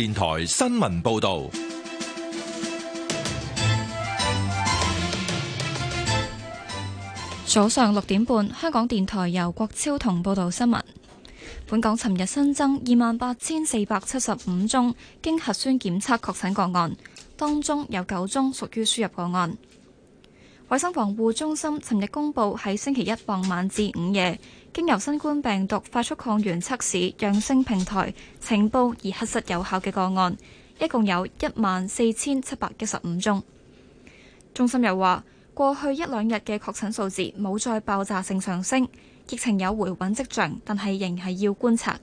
電台新聞報道。早上六點半，香港電台由郭超同報道新聞。本港尋日新增二萬八千四百七十五宗經核酸檢測確診個案，當中有九宗屬於輸入個案。衛生防護中心尋日公布，喺星期一傍晚至午夜經由新冠病毒快速抗原測試陽性平台呈報而核實有效嘅個案，一共有一萬四千七百一十五宗。中心又話，過去一兩日嘅確診數字冇再爆炸性上升，疫情有回穩跡象，但係仍係要觀察。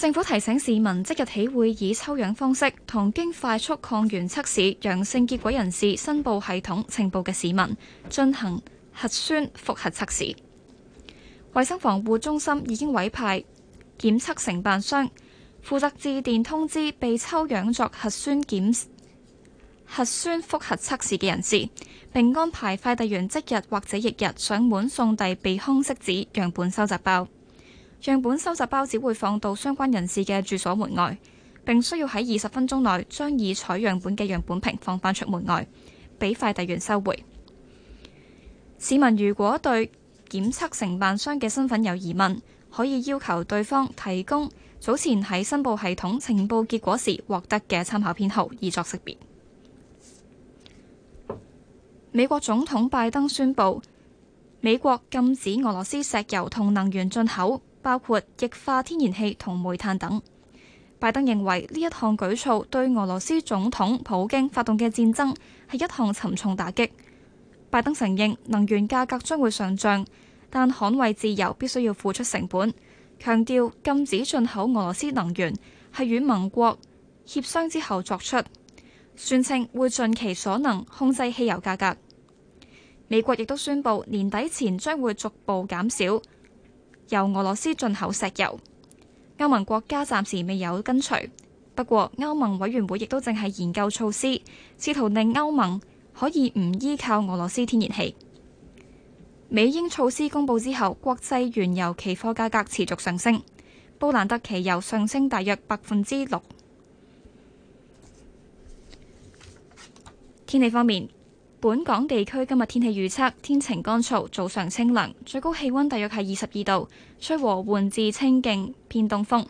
政府提醒市民即日起會以抽樣方式，同經快速抗原測試陽性結果人士申報系統情報嘅市民進行核酸複核測試。衛生防護中心已經委派檢測承辦商負責致電通知被抽樣作核酸檢核，核，核酸複核測試嘅人士，並安排快遞員即日或者翌日上門送遞鼻腔拭子樣本收集包。樣本收集包只會放到相關人士嘅住所門外，並需要喺二十分鐘內將已採樣本嘅樣本瓶放返出門外，俾快遞員收回。市民如果對檢測承辦商嘅身份有疑問，可以要求對方提供早前喺申報系統呈報結果時獲得嘅參考編號，以作識別。美國總統拜登宣布，美國禁止俄羅斯石油同能源進口。包括液化天然氣同煤炭等。拜登認為呢一項舉措對俄羅斯總統普京發動嘅戰爭係一項沉重打擊。拜登承認能源價格將會上漲，但捍衞自由必須要付出成本，強調禁止進口俄羅斯能源係與盟國協商之後作出，宣稱會盡其所能控制汽油價格。美國亦都宣布年底前將會逐步減少。由俄羅斯進口石油，歐盟國家暫時未有跟隨。不過，歐盟委員會亦都正係研究措施，試圖令歐盟可以唔依靠俄羅斯天然氣。美英措施公佈之後，國際原油期貨價格持續上升，布蘭特期油上升大約百分之六。天氣方面。本港地區今日天氣預測：天晴乾燥，早上清涼，最高氣溫大約係二十二度，吹和緩至清勁偏東風。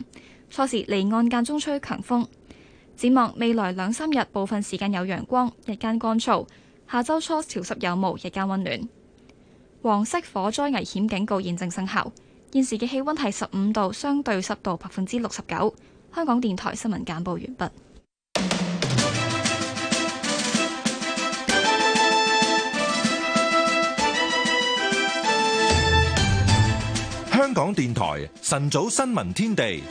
初時離岸間中吹強風。展望未來兩三日，部分時間有陽光，日間乾燥。下周初潮濕有霧，日間溫暖。黃色火災危險警告現正生效。現時嘅氣溫係十五度，相對濕度百分之六十九。香港電台新聞簡報完畢。香港電台晨早新聞天地。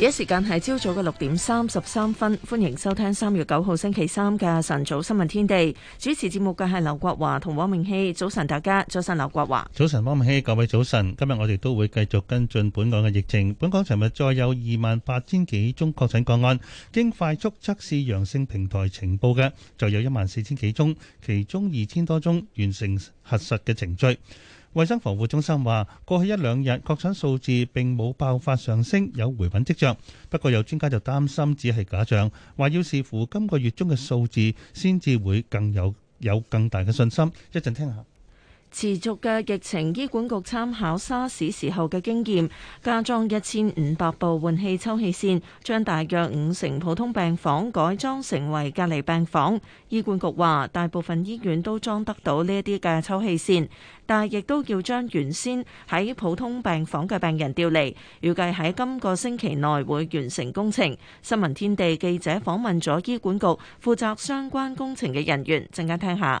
而家時間係朝早嘅六點三十三分，歡迎收聽三月九號星期三嘅晨早新聞天地。主持節目嘅係劉國華同汪明熙。早晨大家，早晨劉國華，早晨汪明熙，各位早晨。今日我哋都會繼續跟進本港嘅疫情。本港尋日再有二萬八千幾宗確診個案，經快速測試陽性平台呈報嘅，就有一萬四千幾宗，其中二千多宗完成核實嘅程序。衛生防護中心話，過去一兩日確診數字並冇爆發上升，有回穩迹象。不過有專家就擔心只係假象，話要視乎今個月中嘅數字，先至會更有有更大嘅信心。一陣聽下。持續嘅疫情，醫管局參考沙士時候嘅經驗，加裝一千五百部換氣抽氣扇，將大約五成普通病房改裝成為隔離病房。醫管局話，大部分醫院都裝得到呢一啲嘅抽氣扇，但亦都要將原先喺普通病房嘅病人調離。預計喺今個星期內會完成工程。新聞天地記者訪問咗醫管局負責相關工程嘅人員，陣間聽下。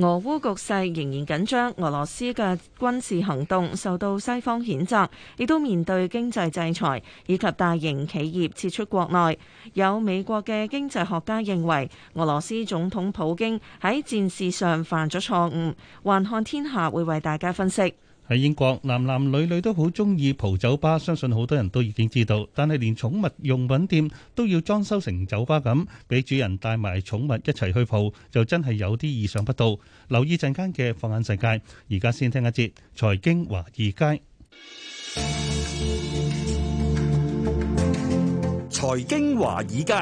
俄烏局勢仍然緊張，俄羅斯嘅軍事行動受到西方譴責，亦都面對經濟制裁以及大型企業撤出國內。有美國嘅經濟學家認為，俄羅斯總統普京喺戰事上犯咗錯誤。環看天下會為大家分析。喺英國，男男女女都好中意蒲酒吧，相信好多人都已經知道。但係連寵物用品店都要裝修成酒吧咁，俾主人帶埋寵物一齊去蒲，就真係有啲意想不到。留意陣間嘅放眼世界，而家先聽一節財經華爾街。財經華爾街，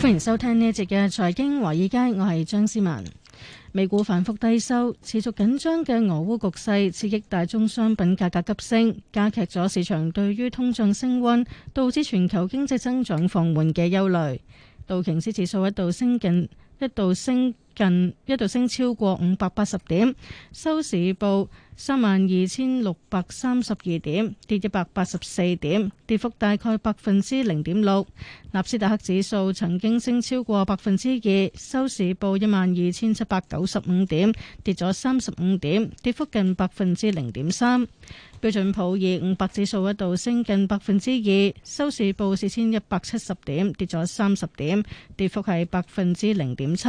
歡迎收聽呢一節嘅財經華爾街，我係張思文。美股反覆低收，持續緊張嘅俄烏局勢刺激大宗商品價格急升，加劇咗市場對於通脹升溫導致全球經濟增長放緩嘅憂慮。道瓊斯指數一度升近一度升。近一度升超過五百八十點，收市報三萬二千六百三十二點，跌一百八十四點，跌幅大概百分之零點六。納斯達克指數曾經升超過百分之二，收市報一萬二千七百九十五點，跌咗三十五點，跌幅近百分之零點三。標準普爾五百指數一度升近百分之二，收市報四千一百七十點，跌咗三十點，跌幅係百分之零點七。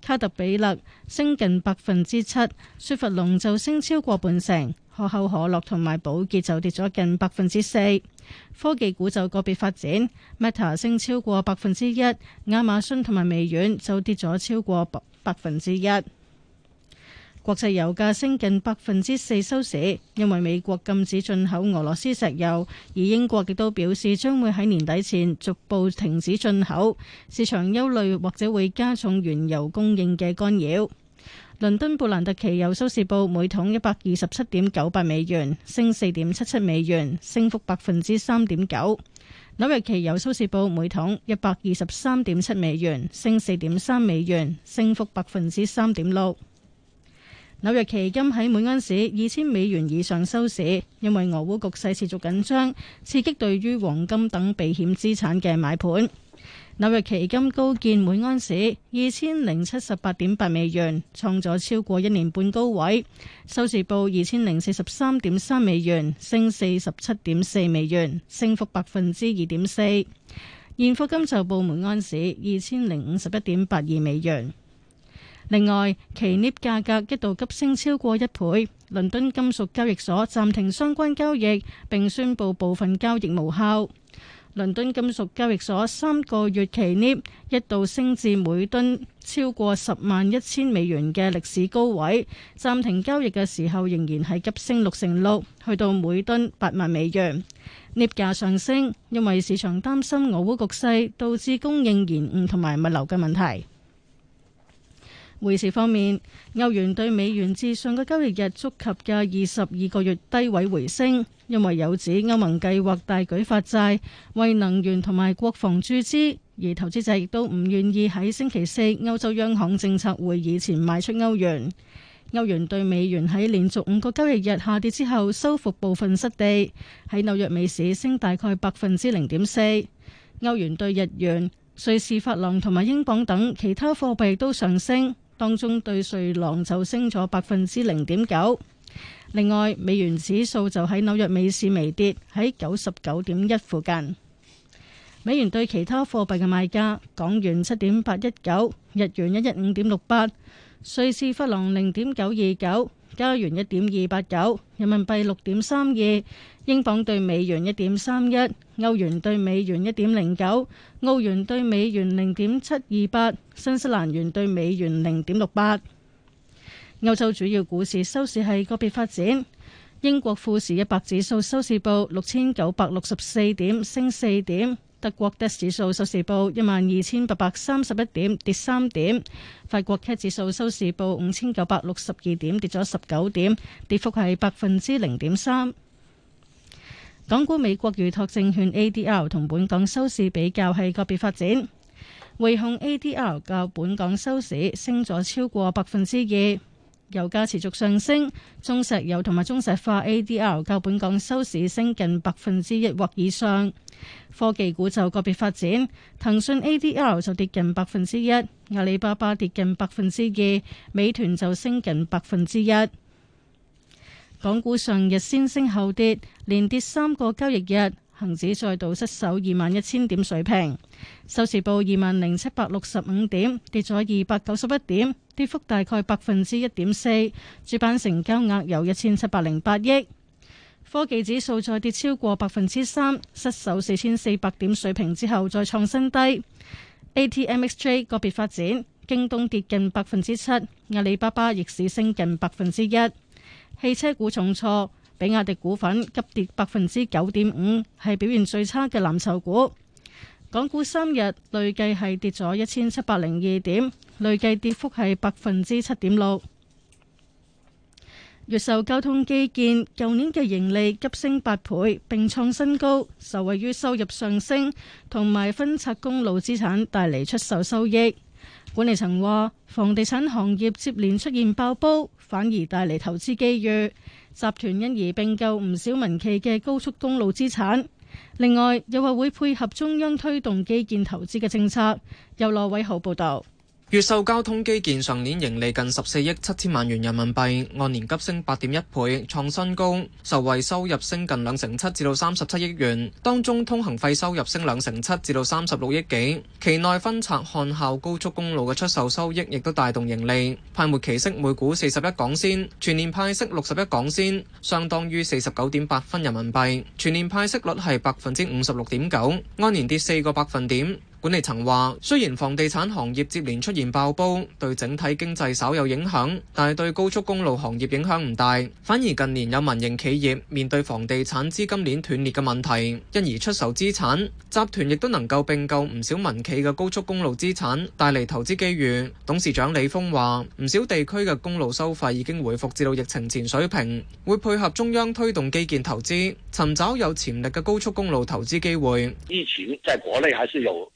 卡特彼勒升近百分之七，雪佛龍就升超過半成，可口可樂同埋寶潔就跌咗近百分之四，科技股就個別發展，Meta 升超過百分之一，亞馬遜同埋微軟就跌咗超過百分之一。國際油價升近百分之四收市，因為美國禁止進口俄羅斯石油，而英國亦都表示將會喺年底前逐步停止進口。市場憂慮或者會加重原油供應嘅干擾。倫敦布蘭特期油收市報每桶一百二十七點九八美元，升四點七七美元，升幅百分之三點九。紐約期油收市報每桶一百二十三點七美元，升四點三美元，升幅百分之三點六。紐約期金喺每盎司二千美元以上收市，因為俄烏局勢持續緊張，刺激對於黃金等避險資產嘅買盤。紐約期金高見每盎司二千零七十八點八美元，創咗超過一年半高位，收市報二千零四十三點三美元，升四十七點四美元，升幅百分之二點四。現貨金就報每盎司二千零五十一點八二美元。另外，期鎳價格一度急升超過一倍，倫敦金屬交易所暫停相關交易並宣布部分交易無效。倫敦金屬交易所三個月期鎳一度升至每噸超過十萬一千美元嘅歷史高位，暫停交易嘅時候仍然係急升六成六，去到每噸八萬美元。鎳價上升，因為市場擔心俄烏局勢導致供應延誤同埋物流嘅問題。匯市方面，歐元對美元至上個交易日觸及嘅二十二個月低位回升，因為有指歐盟計劃大舉發債為能源同埋國防注資，而投資者亦都唔願意喺星期四歐洲央行政策會議前賣出歐元。歐元對美元喺連續五個交易日下跌之後，收復部分失地，喺紐約美市升大概百分之零點四。歐元對日元、瑞士法郎同埋英鎊等其他貨幣都上升。當中兌瑞郎就升咗百分之零點九，另外美元指數就喺紐約美市微跌喺九十九點一附近，美元對其他貨幣嘅賣價，港元七點八一九，日元一一五點六八，瑞士法郎零點九二九。加元一點二八九，人民幣六點三二，英鎊對美元一點三一，歐元對美元一點零九，澳元對美元零點七二八，新西蘭元對美元零點六八。歐洲主要股市收市係個別發展，英國富時一百指數收市報六千九百六十四點，升四點。國的 12, 德國德指數收市報一萬二千八百三十一點，跌三點；法國 CAC 指數收市報五千九百六十二點，跌咗十九點，跌幅係百分之零點三。港股美國預託證券 ADR 同本港收市比較係個別發展，匯控 ADR 較本港收市升咗超過百分之二。油價持續上升，中石油同埋中石化 ADR 較本港收市升近百分之一或以上。科技股就個別發展，騰訊 ADR 就跌近百分之一，阿里巴巴跌近百分之二，美團就升近百分之一。港股上日先升後跌，連跌三個交易日，恒指再度失守二萬一千點水平，收市報二萬零七百六十五點，跌咗二百九十一點，跌幅大概百分之一點四，主板成交額有一千七百零八億。科技指數再跌超過百分之三，失守四千四百點水平之後再創新低。A T M X J 個別發展，京東跌近百分之七，阿里巴巴逆市升近百分之一。汽車股重挫，比亞迪股份急跌百分之九點五，係表現最差嘅藍籌股。港股三日累計係跌咗一千七百零二點，累計跌幅係百分之七點六。越秀交通基建舊年嘅盈利急升八倍，並創新高，受惠於收入上升同埋分拆公路資產帶嚟出售收益。管理層話，房地產行業接連出現爆煲，反而帶嚟投資機遇，集團因而併購唔少民企嘅高速公路資產。另外，又話會配合中央推動基建投資嘅政策。由羅偉豪報道。越秀交通基建上年盈利近十四億七千萬元人民幣，按年急升八點一倍，創新高。受惠收入升近兩成七，至到三十七億元，當中通行費收入升兩成七，至到三十六億幾。期內分拆漢孝高速公路嘅出售收益，亦都帶動盈利。派末期息每股四十一港仙，全年派息六十一港仙，相當於四十九點八分人民幣，全年派息率係百分之五十六點九，按年跌四個百分點。管理層話，雖然房地產行業接連出現爆煲，對整體經濟稍有影響，但係對高速公路行業影響唔大。反而近年有民營企業面對房地產資金鏈斷裂嘅問題，因而出售資產。集團亦都能夠併購唔少民企嘅高速公路資產，帶嚟投資機遇。董事長李峰話，唔少地區嘅公路收費已經回復至到疫情前水平，會配合中央推動基建投資，尋找有潛力嘅高速公路投資機會。以前喺國內還是有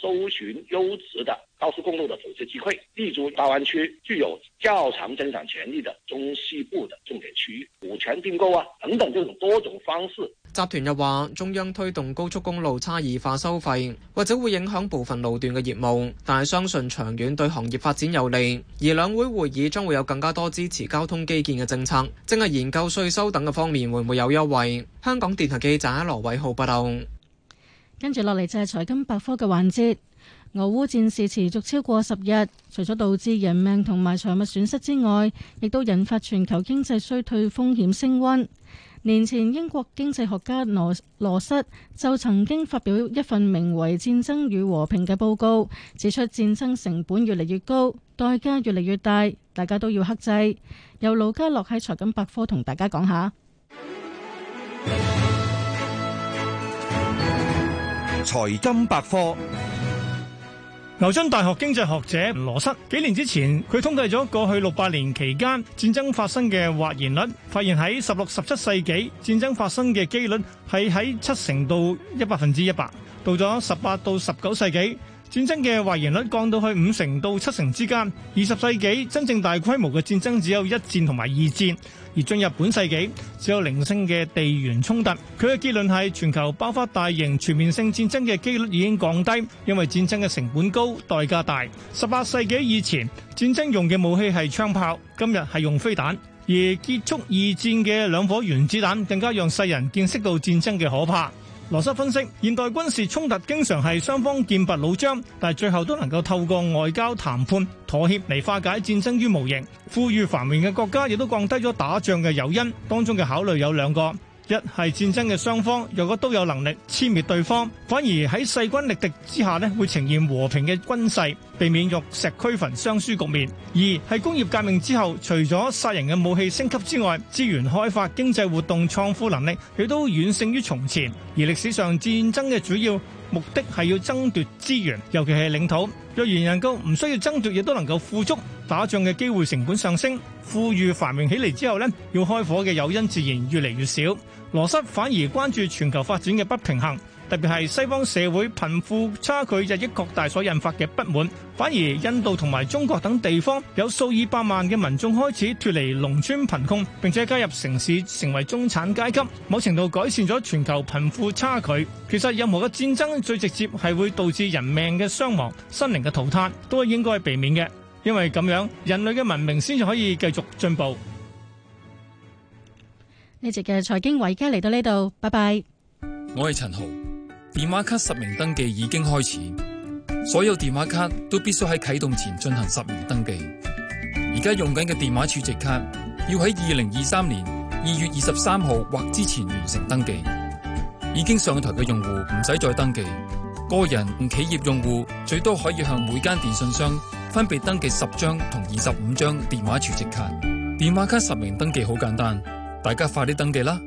搜尋優質的高速公路的投資機會，立足大灣區具有較長增長潛力的中西部的重點區域，股權併購啊等等，這種多種方式。集團又話，中央推動高速公路差異化收費，或者會影響部分路段嘅業務，但係相信長遠對行業發展有利。而兩會會議將會有更加多支持交通基建嘅政策，正係研究稅收等嘅方面會唔會有優惠？香港電台記者羅偉浩報道。跟住落嚟就係財金百科嘅環節。俄烏戰事持續超過十日，除咗導致人命同埋財物損失之外，亦都引發全球經濟衰退風險升溫。年前英國經濟學家羅羅塞就曾經發表一份名為《戰爭與和平》嘅報告，指出戰爭成本越嚟越高，代價越嚟越大，大家都要克制。由盧家樂喺財金百科同大家講下。 財金百科。牛津大學經濟學者羅塞幾年之前，佢統計咗過去六百年期間戰爭發生嘅或然率，發現喺十六十七世紀戰爭發生嘅機率係喺七成到一百分之一百。到咗十八到十九世紀，戰爭嘅或然率降到去五成到七成之間。二十世紀真正大規模嘅戰爭只有一戰同埋二戰。而進入本世紀，只有零星嘅地緣衝突。佢嘅結論係全球爆發大型全面性戰爭嘅機率已經降低，因為戰爭嘅成本高、代價大。十八世紀以前，戰爭用嘅武器係槍炮，今日係用飛彈。而結束二戰嘅兩顆原子彈，更加讓世人見識到戰爭嘅可怕。羅生分析，現代軍事衝突經常係雙方劍拔弩張，但係最後都能夠透過外交談判妥協嚟化解戰爭於無形。富裕繁榮嘅國家亦都降低咗打仗嘅誘因，當中嘅考慮有兩個。一係戰爭嘅雙方若果都有能力殲滅對方，反而喺勢均力敵之下呢，會呈現和平嘅軍勢，避免玉石俱焚，雙輸局面。二係工業革命之後，除咗殺人嘅武器升級之外，資源開發、經濟活動、創富能力亦都遠勝於從前。而歷史上戰爭嘅主要目的係要爭奪資源，尤其係領土。若然能夠唔需要爭奪，亦都能夠富足，打仗嘅機會成本上升，富裕繁榮起嚟之後呢，要開火嘅誘因自然越嚟越少。羅塞反而關注全球發展嘅不平衡，特別係西方社會貧富差距日益擴大所引發嘅不滿。反而印度同埋中國等地方有數以百萬嘅民眾開始脫離農村貧窮，並且加入城市成為中產階級，某程度改善咗全球貧富差距。其實任何嘅戰爭最直接係會導致人命嘅傷亡、心靈嘅淘汰，都係應該避免嘅，因為咁樣人類嘅文明先至可以繼續進步。呢集嘅財經委家嚟到呢度，拜拜。我係陳豪，電話卡實名登記已經開始，所有電話卡都必須喺啟動前進行實名登記。而家用緊嘅電話儲值卡要喺二零二三年二月二十三號或之前完成登記。已經上台嘅用戶唔使再登記。個人同企業用戶最多可以向每間電信商分別登記十張同二十五張電話儲值卡。電話卡實名登記好簡單。大家快啲登記啦！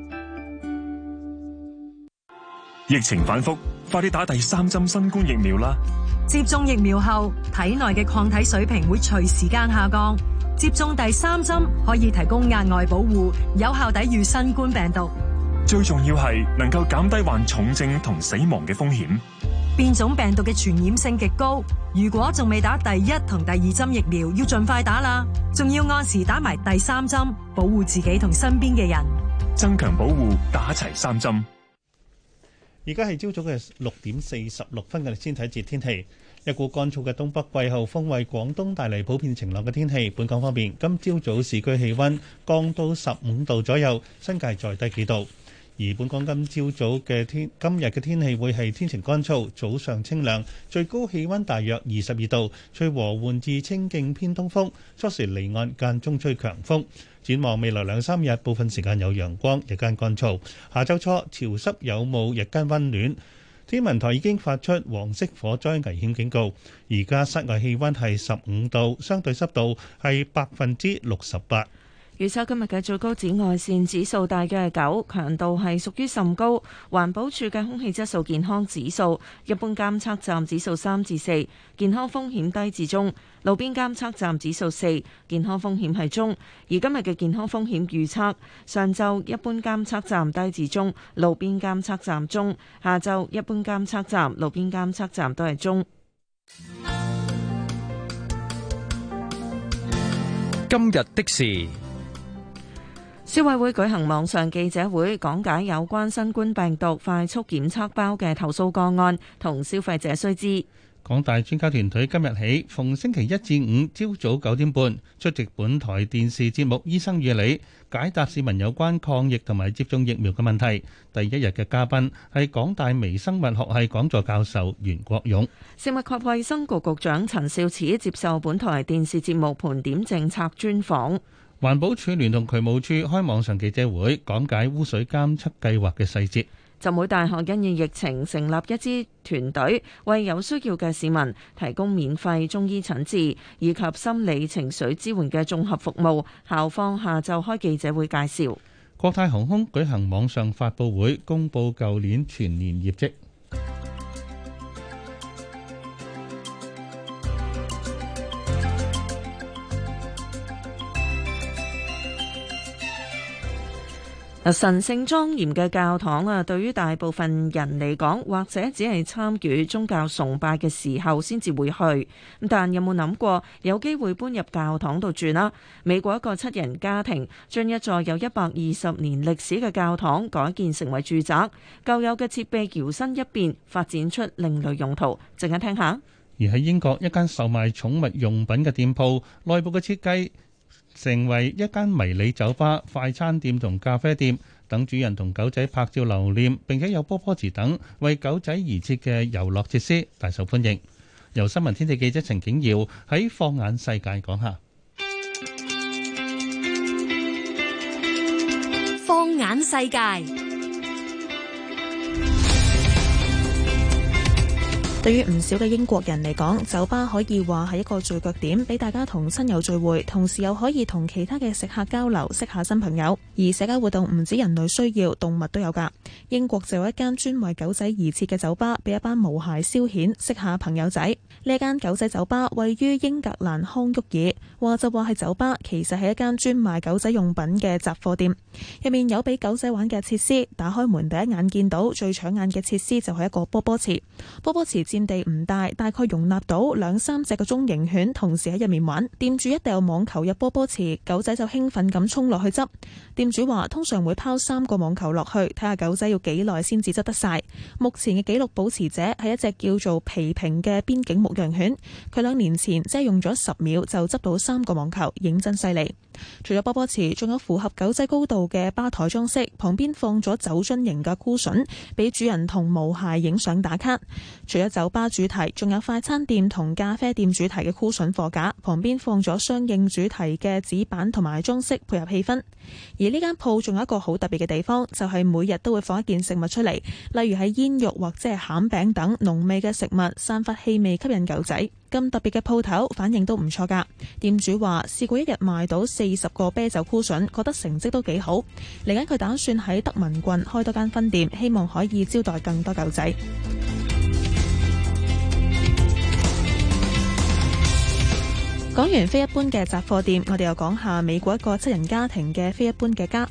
疫情反覆，快啲打第三針新冠疫苗啦！接種疫苗後，體內嘅抗體水平會隨時間下降，接種第三針可以提供額外保護，有效抵御新冠病毒。最重要係能夠減低患重症同死亡嘅風險。變種病毒嘅傳染性極高，如果仲未打第一同第二針疫苗，要盡快打啦。仲要按時打埋第三針，保護自己同身邊嘅人。增強保護，打齊三針。而家係朝早嘅六點四十六分嘅先睇節天氣，一股乾燥嘅東北季候風為廣東帶嚟普遍晴朗嘅天氣。本港方面，今朝早市區氣温降到十五度左右，新界再低幾度。而本港今朝早嘅天，今日嘅天氣會係天晴乾燥，早上清涼，最高氣溫大約二十二度，吹和緩至清勁偏東風，初時離岸間中吹強風。展望未來兩三日，部分時間有陽光，日間乾燥。下週初潮濕有霧，日間溫暖。天文台已經發出黃色火災危險警告。而家室外氣溫係十五度，相對濕度係百分之六十八。預測今日嘅最高紫外線指數大約係九，強度係屬於甚高。環保署嘅空氣質素健康指數，一般監測站指數三至四，健康風險低至中；路邊監測站指數四，健康風險係中。而今日嘅健康風險預測，上晝一般監測站低至中，路邊監測站中；下晝一般監測站、路邊監測站都係中。今日的事。消委會舉行網上記者會，講解有關新冠病毒快速檢測包嘅投訴個案同消費者須知。港大專家團隊今日起逢星期一至五朝早九點半出席本台電視節目《醫生與你》，解答市民有關抗疫同埋接種疫苗嘅問題。第一日嘅嘉賓係港大微生物學系講座教授袁國勇。食物及衛生局局長陳肇始接受本台電視節目《盤點政策》專訪。環保署聯同渠務署開網上記者會，講解污水監測計劃嘅細節。浸會大學因應疫情成立一支團隊，為有需要嘅市民提供免費中醫診治以及心理情緒支援嘅綜合服務。校方下晝開記者會介紹。 國泰航空舉行網上發佈會，公佈舊年全年業績。神聖莊嚴嘅教堂啊，對於大部分人嚟講，或者只係參與宗教崇拜嘅時候先至會去。但有冇諗過，有機會搬入教堂度住啦？美國一個七人家庭將一座有一百二十年歷史嘅教堂改建成為住宅，舊有嘅設備搖身一變，發展出另類用途。陣間聽下。而喺英國一間售賣寵物用品嘅店鋪，內部嘅設計，成為一間迷你酒吧、快餐店同咖啡店，等主人同狗仔拍照留念，並且有波波池等為狗仔而設嘅遊樂設施，大受歡迎。由新聞天地記者陳景耀喺《放眼世界》講下《放眼世界》。對於唔少嘅英國人嚟講，酒吧可以話係一個聚腳點，俾大家同親友聚會，同時又可以同其他嘅食客交流，識下新朋友。而社交活動唔止人類需要，動物都有㗎。英國就有一間專為狗仔而設嘅酒吧，俾一班毛孩消遣，識下朋友仔。呢間狗仔酒吧位於英格蘭康沃爾，話就話係酒吧，其實係一間專賣狗仔用品嘅雜貨店。入面有俾狗仔玩嘅設施，打開門第一眼見到最搶眼嘅設施就係一個波波池，波波池。佔地唔大，大概容納到兩三隻嘅中型犬同時喺入面玩。店主一掉網球入波波池，狗仔就興奮咁衝落去執。店主話，通常會拋三個網球落去，睇下狗仔要幾耐先至執得晒。目前嘅紀錄保持者係一隻叫做皮平嘅邊境牧羊犬，佢兩年前即係用咗十秒就執到三個網球，認真犀利。除咗波波池，仲有符合狗仔高度嘅吧台裝飾，旁邊放咗酒樽型嘅咕 𠱸，俾主人同毛孩影相打卡。除咗酒吧主題，仲有快餐店同咖啡店主題嘅咕 𠱸 貨架，旁邊放咗相應主題嘅紙板同埋裝飾，配合氣氛。而呢間鋪仲有一個好特別嘅地方，就係每日都會放一件食物出嚟，例如係煙肉或者係餡餅等濃味嘅食物，散發氣味吸引狗仔。咁特別嘅鋪頭反應都唔錯㗎，店主話試過一日賣到四十個啤酒箍筍，覺得成績都幾好。嚟緊佢打算喺德文郡開多間分店，希望可以招待更多狗仔。講完非一般嘅雜貨店，我哋又講下美國一個七人家庭嘅非一般嘅家。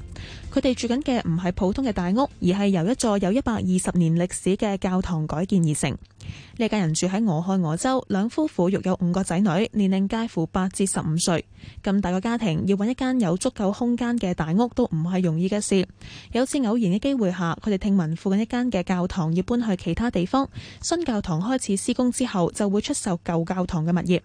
佢哋住緊嘅唔係普通嘅大屋，而係由一座有一百二十年歷史嘅教堂改建而成。呢家人住喺俄亥俄州，兩夫婦育有五個仔女，年齡介乎八至十五歲。咁大個家庭要搵一間有足夠空間嘅大屋都唔係容易嘅事。有次偶然嘅機會下，佢哋聽聞附近一間嘅教堂要搬去其他地方，新教堂開始施工之後就會出售舊教堂嘅物業。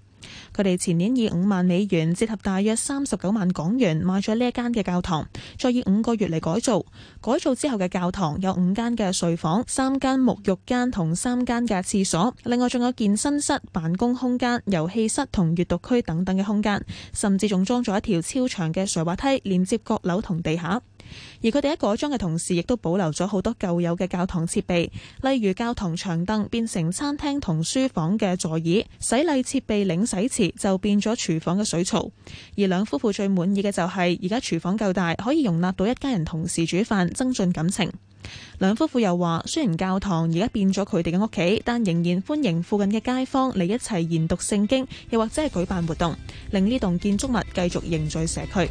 佢哋前年以五萬美元折合大約三十九萬港元買咗呢一間嘅教堂，再以五個月嚟改造。改造之後嘅教堂有五間嘅睡房、三間沐浴間同三間嘅廁所，另外仲有健身室、辦公空間、遊戲室同閱讀區等等嘅空間，甚至仲裝咗一條超長嘅垂滑梯，連接閣樓同地下。而佢哋喺改裝嘅同時，亦都保留咗好多舊有嘅教堂設備，例如教堂長凳變成餐廳同書房嘅座椅，洗禮設備領洗池就變咗廚房嘅水槽。而兩夫婦最滿意嘅就係而家廚房夠大，可以容納到一家人同時煮飯，增進感情。兩夫婦又話，雖然教堂而家變咗佢哋嘅屋企，但仍然歡迎附近嘅街坊嚟一齊研讀聖經，又或者係舉辦活動，令呢棟建築物繼續凝聚社區。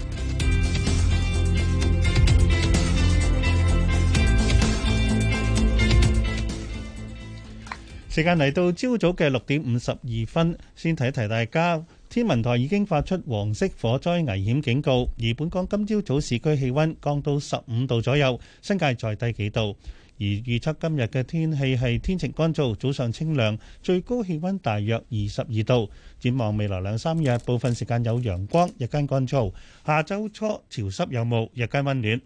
時間嚟到朝早嘅六點五十二分，先提一提大家。天文台已經發出黃色火災危險警告，而本港今朝早市區氣温降到十五度左右，新界再低幾度。而預測今日嘅天氣係天晴乾燥，早上清涼，最高氣温大約二十二度。展望未來兩三日，部分時間有陽光，日間乾燥。下周初潮濕有霧，日間温暖。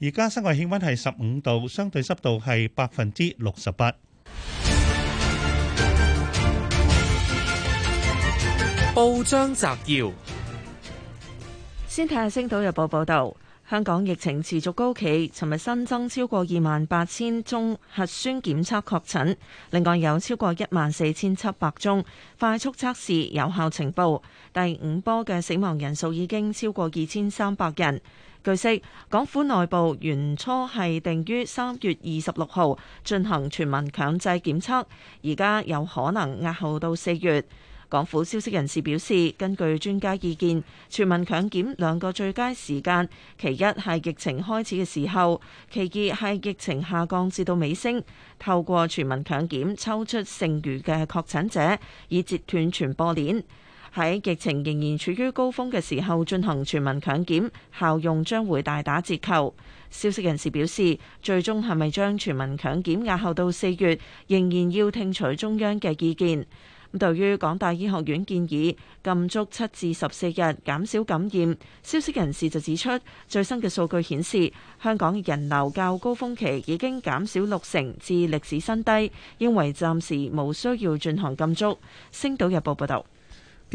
而家室外氣温係十五度，相對濕度係百分之六十八。報章摘要：先睇下《星島日報》報道，香港疫情持續高企，尋日新增超過二萬八千宗核酸檢測確診，另外有超過一萬四千七百宗快速測試有效情報。第五波嘅死亡人數已經超過二千三百人。據悉，港府內部原初係定於三月二十六號進行全民強制檢測，而家有可能押後到四月。港府消息人士表示，根據專家意見，全民強檢兩個最佳時間，其一係疫情開始嘅時候，其二係疫情下降至到尾聲，透過全民強檢抽出剩餘嘅確診者，以截斷傳播鏈。喺疫情仍然處於高峰嘅時候進行全民強檢，效用將會大打折扣。消息人士表示，最終係咪將全民強檢押後到四月，仍然要聽取中央嘅意見。對於港大醫學院建議禁足七至十四日減少感染，消息人士就指出，最新嘅數據顯示，香港人流較高峰期已經減少六成至歷史新低，認為暫時無需要進行禁足。星島日報報道。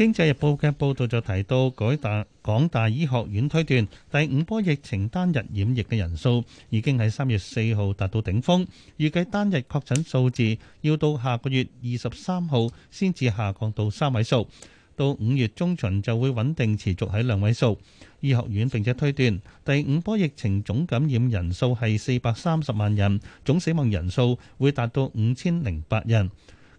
《經濟日報》嘅報道就提到，改大港大醫學院推斷，第五波疫情單日染疫嘅人數已經喺三月四號達到頂峰，預計單日確診數字要到下個月二十三號先至下降到三位數，到五月中旬就會穩定持續喺兩位數。醫學院並且推斷，第五波疫情總感染人數係四百三十萬人，總死亡人數會達到五千零八人。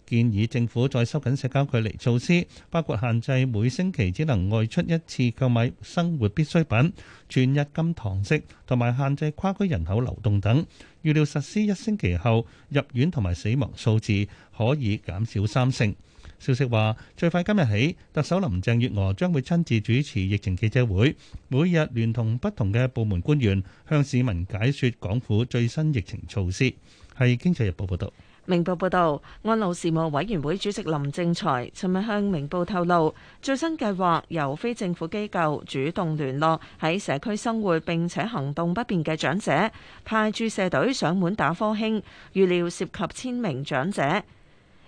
建議政府再收緊社交距離措施，包括限制每星期只能外出一次購買生活必需品、全日禁堂食，同埋限制跨區人口流動等。預料實施一星期後，入院同埋死亡數字可以減少三成。消息話，最快今日起，特首林鄭月娥將會親自主持疫情記者會，每日聯同不同嘅部門官員向市民解說港府最新疫情措施。係經濟日報報道。明報報導，安老事務委員會主席林正財尋日向明報透露，最新計劃由非政府機構主動聯絡喺社區生活並且行動不便嘅長者，派注射隊上門打科興，預料涉及千名長者。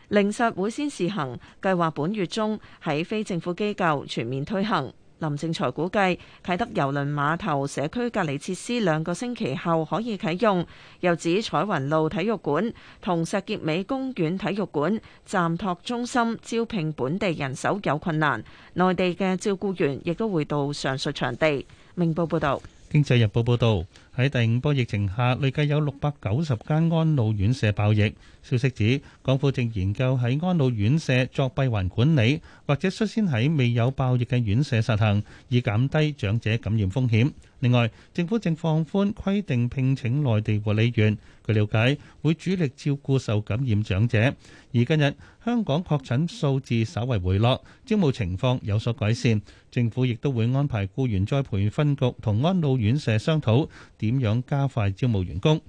零實會先試行，計劃本月中喺非政府機構全面推行。林正財估計啟德郵輪碼頭社區隔離設施兩個星期後可以啟用，又指彩雲路體育館同石硤尾公園體育館暫托中心招聘本地人手有困難，內地嘅照顧員亦都會到上述場地。明報報道，經濟日報報道。喺第五波疫情下，累計有六百九十間安老院舍爆疫。消息指，港府正研究喺安老院舍作閉環管理，或者率先喺未有爆疫嘅院舍實行，以減低長者感染風險。另外，政府正放寬規定，聘請內地護理員，據了解，會主力照顧受感染長者。而今日香港確診數字稍為回落，招募情況有所改善。政府亦都會安排僱員再培訓局同安老院舍商討。點樣加快招募員工？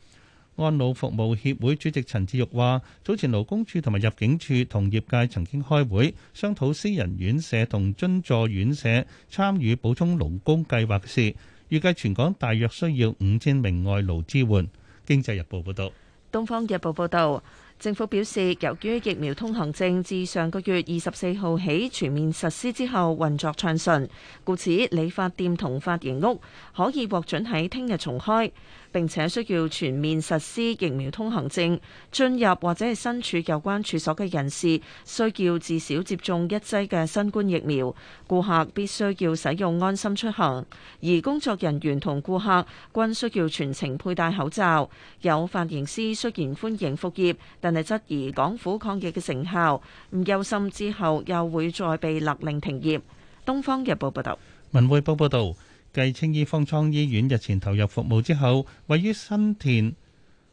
安老服務協會主席陳志玉話：早前勞工處同埋入境處同業界曾經開會商討私人院舍同津助院舍參與補充勞工計劃嘅事。預計全港大約需要五千名外勞支援。經濟日報報導，東方日報報道。政府表示，由於疫苗通行證自上個月二十四號起全面實施之後運作暢順，故此理髮店同髮型屋可以獲准喺聽日重開。並且需要全面實施疫苗通行證，進入或者係身處有關處所嘅人士，需要至少接種一劑嘅新冠疫苗。顧客必須要使用安心出行，而工作人員同顧客均需要全程佩戴口罩。有髮型師雖然歡迎復業，但係質疑港府抗疫嘅成效，唔憂心之後又會再被勒令停業。東方日報報道，文匯報報道。繼青衣方艙醫院日前投入服務之後，位於新田、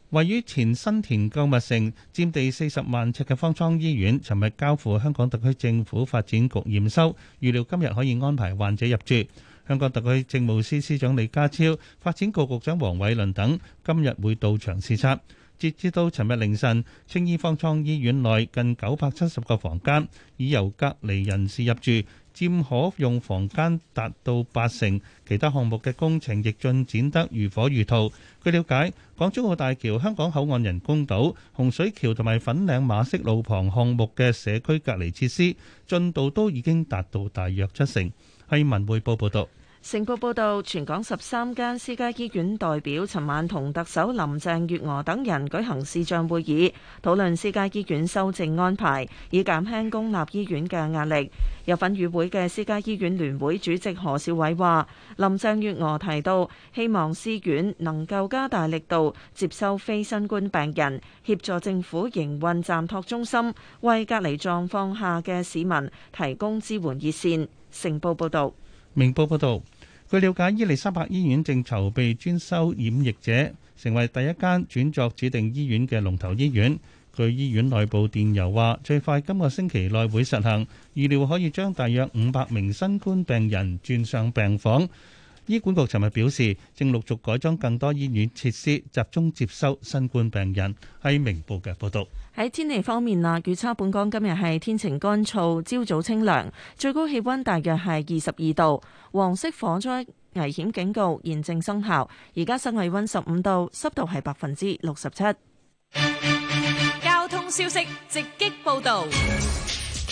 位於前新田購物城、佔地四十萬尺嘅方艙醫院，尋日交付香港特區政府發展局驗收，預料今日可以安排患者入住。香港特區政務司司長李家超、發展局局長黃偉綸等今日會到場視察。截至到尋日凌晨，青衣方艙醫院內近九百七十個房間已由隔離人士入住。佔可用房間達到八成，其他項目嘅工程亦進展得如火如荼。據了解，港珠澳大橋、香港口岸人工島、洪水橋同埋粉嶺馬式路旁項目嘅社區隔離設施進度都已經達到大約七成。係文匯報報道。成報報道，全港十三間私家醫院代表，尋晚同特首林鄭月娥等人舉行視像會議，討論私家醫院收症安排，以減輕公立醫院嘅壓力。有份與會嘅私家醫院聯會主席何少偉話：林鄭月娥提到希望私院能夠加大力度接收非新冠病人，協助政府營運暫托中心，為隔離狀況下嘅市民提供支援熱線。成報報道。明報報導。據了解，伊利沙伯醫院正籌備專收染疫者，成為第一間轉作指定醫院嘅龍頭醫院。據醫院內部電郵話，最快今個星期內會實行，預料可以將大約五百名新冠病人轉上病房。醫管局尋日表示，正陸續改裝更多醫院設施，集中接收新冠病人。係明報嘅報道。喺天氣方面啦，預測本港今日係天晴乾燥，朝早清涼，最高氣溫大約係二十二度。黃色火災危險警告現正生效。而家室外溫十五度，濕度係百分之六十七。交通消息直擊報道。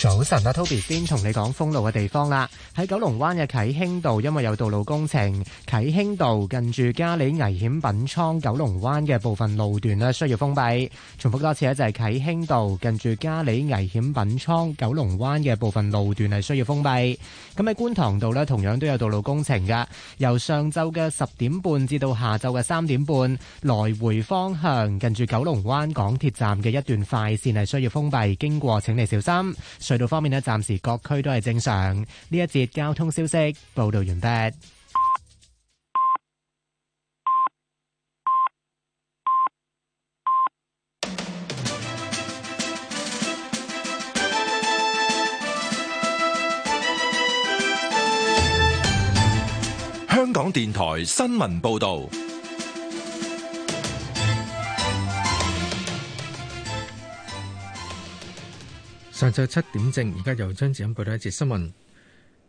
早晨啊 Toby 先同你講封路嘅地方啦。喺九龍灣嘅啟興道，因為有道路工程，啟興道近住嘉里危險品倉九龍灣嘅部分路段呢，需要封閉。重複多次呢，就係、是、啟興道近住嘉里危險品倉九龍灣嘅部分路段係需要封閉。咁喺觀塘道呢，同樣都有道路工程㗎。由上晝嘅十點半至到下晝嘅三點半，來回方向近住九龍灣港鐵站嘅一段快綫係需要封閉，經過請你小心。渠道方面咧，暫時各區都係正常。呢一節交通消息報導完畢。香港電台新聞報導。晨早七點正，而家由張子欣報道一節新聞。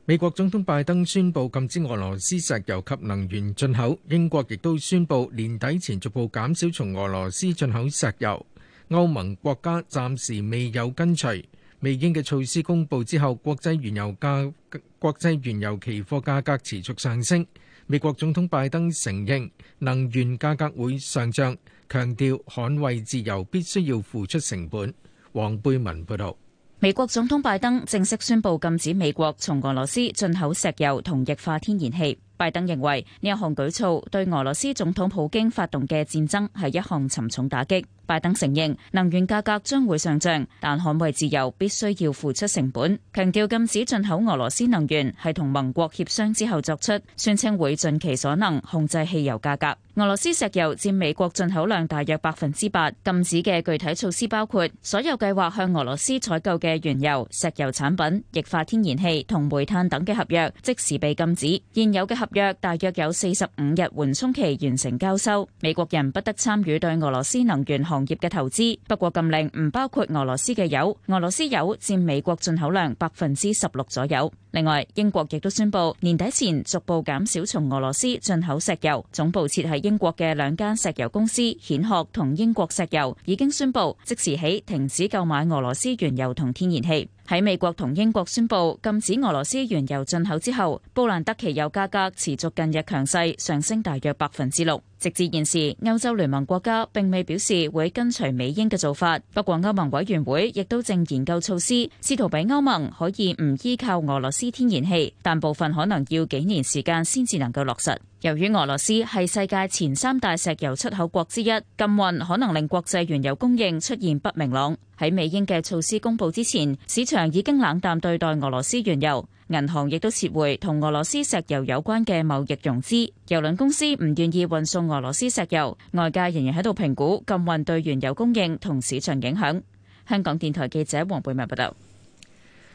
美國總統拜登宣布禁止俄羅斯石油及能源進口，英國亦都宣布年底前逐步減少從俄羅斯進口石油。歐盟國家暫時未有跟隨。美英嘅措施公佈之後，國際原油價，國際原油期貨價格持續上升。美國總統拜登承認能源價格會上漲，強調捍衞自由必須要付出成本。黃貝文報道。美國總統拜登正式宣布禁止美國從俄羅斯進口石油同液化天然氣。拜登認為，呢一項舉措對俄羅斯總統普京發動嘅戰爭係一項沉重打擊。拜登承認能源價格將會上漲，但捍衛自由必須要付出成本。強調禁止進口俄羅斯能源係同盟國協商之後作出，宣稱會盡其所能控制汽油價格。俄羅斯石油佔美國進口量大約百分之八。禁止嘅具體措施包括所有計劃向俄羅斯採購嘅原油、石油產品、液化天然氣同煤炭等嘅合約即時被禁止。現有嘅合約大約有四十五日緩衝期完成交收。美國人不得參與對俄羅斯能源行業嘅投資，不過禁令唔包括俄羅斯嘅油。俄羅斯油佔美國進口量百分之十六左右。另外，英國亦都宣佈年底前逐步減少從俄羅斯進口石油。總部設喺英國嘅兩間石油公司蜆殼同英國石油已經宣佈即時起停止購買俄羅斯原油同天然氣。喺美國同英國宣布禁止俄羅斯原油進口之後，布蘭德期油價格持續近日強勢上升，大約百分之六。直至現時，歐洲聯盟國家並未表示會跟隨美英嘅做法。不過，歐盟委員會亦都正研究措施，試圖俾歐盟可以唔依靠俄羅斯天然氣，但部分可能要幾年時間先至能夠落實。由於俄羅斯係世界前三大石油出口國之一，禁運可能令國際原油供應出現不明朗。喺美英嘅措施公布之前，市場已經冷淡對待俄羅斯原油，銀行亦都撤回同俄羅斯石油有關嘅貿易融資，油輪公司唔願意運送俄羅斯石油，外界仍然喺度評估禁運對原油供應同市場影響。香港電台記者黃貝文報道。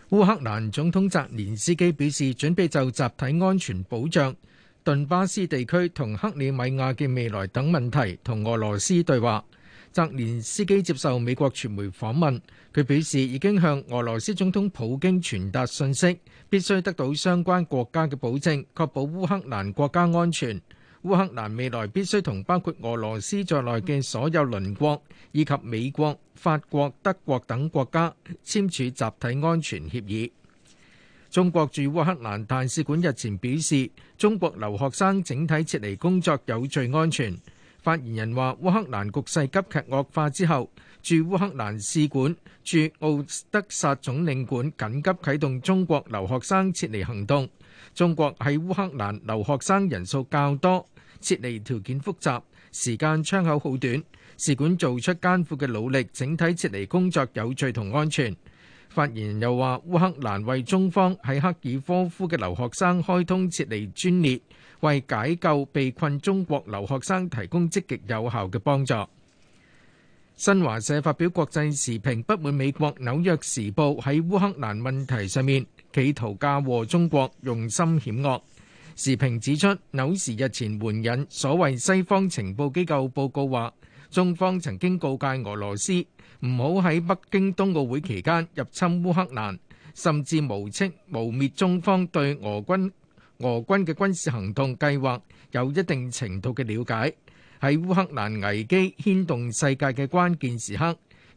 烏克蘭總統澤連斯基表示，準備就集體安全保障、頓巴斯地區同克里米亞嘅未來等問題同俄羅斯對話。澤連斯基接受美國傳媒訪問，佢表示已經向俄羅斯總統普京傳達信息，必須得到相關國家嘅保證，確保烏克蘭國家安全。烏克蘭未來必須同包括俄羅斯在內嘅所有鄰國，以及美國、法國、德國等國家簽署集體安全協議。中國駐烏克蘭大使館日前表示，中國留學生整體撤離工作有序安全。發言人話：烏克蘭局勢急劇惡化之後，駐烏克蘭使館、駐敖德薩總領館緊急啟動中國留學生撤離行動。中國喺烏克蘭留學生人數較多，撤離條件複雜，時間窗口好短，使館做出艱苦嘅努力，整體撤離工作有序同安全。發言人又話：烏克蘭為中方喺克爾科夫嘅留學生開通撤離專列。為解救被困中國留學生提供積極有效嘅幫助。新華社發表國際時評，不滿美國《紐約時報》喺烏克蘭問題上面企圖嫁禍中國，用心險惡。時評指出，《紐時》日前援引所謂西方情報機構報告話，中方曾經告誡俄羅斯唔好喺北京冬奧會期間入侵烏克蘭，甚至無稱污蔑中方對俄軍俄軍嘅軍事行動計劃有一定程度嘅了解，喺烏克蘭危機牽動世界嘅關鍵時刻，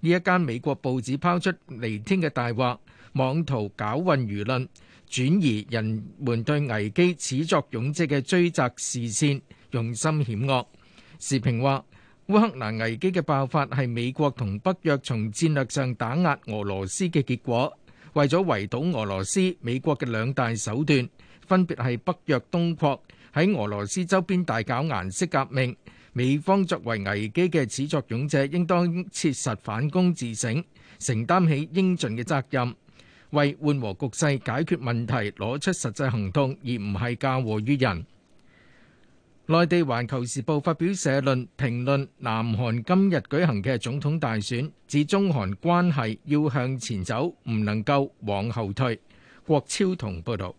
呢一間美國報紙拋出彌天嘅大話，妄圖搞混輿論，轉移人們對危機始作俑者嘅追責視線，用心險惡。時評話，烏克蘭危機嘅爆發係美國同北約從戰略上打壓俄羅斯嘅結果，為咗圍堵俄羅斯，美國嘅兩大手段。分別係北約東擴喺俄羅斯周邊大搞顏色革命，美方作為危機嘅始作俑者，應當切實反攻自省，承擔起應盡嘅責任，為緩和局勢、解決問題攞出實際行動，而唔係嫁禍於人。內地《環球時報》發表社論評論南韓今日舉行嘅總統大選，指中韓關係要向前走，唔能夠往後退。郭超同報道。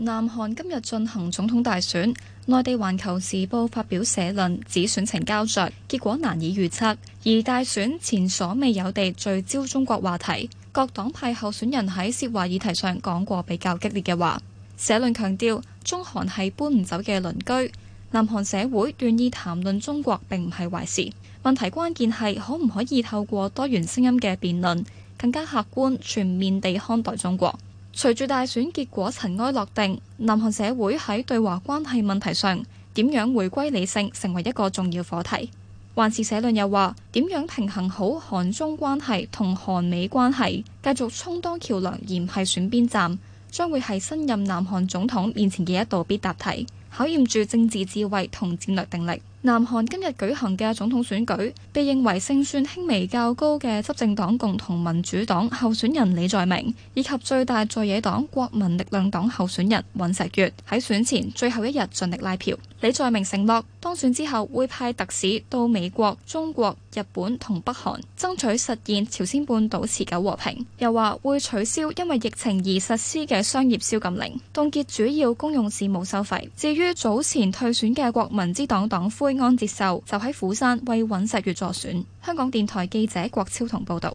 南韓今日進行總統大選，內地《環球時報》發表社論指選情膠着，結果難以預測，而大選前所未有地聚焦中國話題，各黨派候選人喺涉華議題上講過比較激烈嘅話。社論強調，中韓係搬唔走嘅鄰居，南韓社會願意談論中國並唔係壞事，問題關鍵係可唔可以透過多元聲音嘅辯論，更加客觀全面地看待中國。隨住大選結果塵埃落定，南韓社會喺對華關係問題上點樣回歸理性，成為一個重要課題。環時社論又話，點樣平衡好韓中關係同韓美關係，繼續充當橋梁而唔係選邊站，將會係新任南韓總統面前嘅一道必答題。考驗住政治智慧同戰略定力。南韓今日舉行嘅總統選舉，被認為勝算輕微較高嘅執政黨共同民主黨候選人李在明，以及最大在野黨國民力量黨候選人尹錫悅，喺選前最後一日盡力拉票。李在明承諾當選之後會派特使到美國、中國、日本同北韓，爭取實現朝鮮半島持久和平，又話會取消因為疫情而實施嘅商業宵禁令，凍結主要公用事務收費。至於早前退選嘅國民之黨黨魁安哲秀就喺釜山為尹錫悅助選，香港電台記者郭超同報道。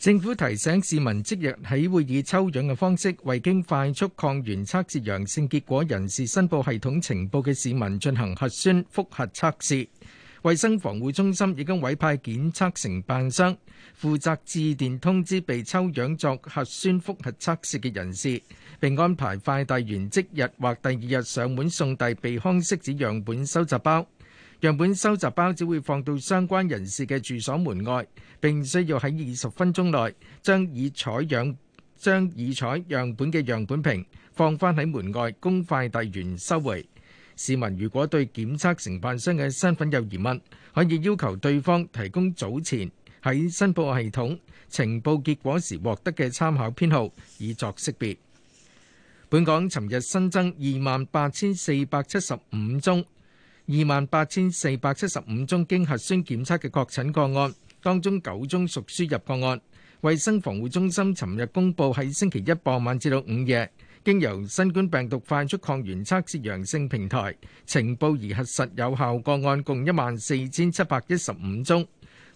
政府提醒市民，即日喺會以抽樣嘅方式，為經快速抗原測試陽性結果人士、申報系統情報嘅市民進行核酸複核測試，衛生防護中心已經委派檢測承辦商負責致電通知被抽樣作核酸複核測試嘅人士，並安排快遞員即日或第二日上門送遞鼻腔拭子樣本收集包。樣本收集包只會放到相關人士嘅住所門外，並需要喺二十分鐘內將已採樣將已採樣本嘅樣本瓶放返喺門外，供快遞員收回。市民如果對檢測承辦商嘅身份有疑問，可以要求對方提供早前喺申報系統呈報結果時獲得嘅參考編號，以作識別。本港尋日新增二萬八千四百七十五宗。二萬八千四百七十五宗經核酸檢測嘅確診個案，當中九宗屬輸入個案。衛生防護中心尋日公布，喺星期一傍晚至到午夜，經由新冠病毒快速抗原測試陽性平台情報而核實有效個案共一萬四千七百一十五宗。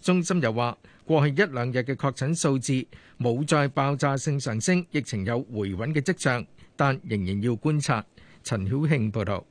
中心又話，過去一兩日嘅確診數字冇再爆炸性上升，疫情有回穩嘅跡象，但仍然要觀察。陳曉慶報道。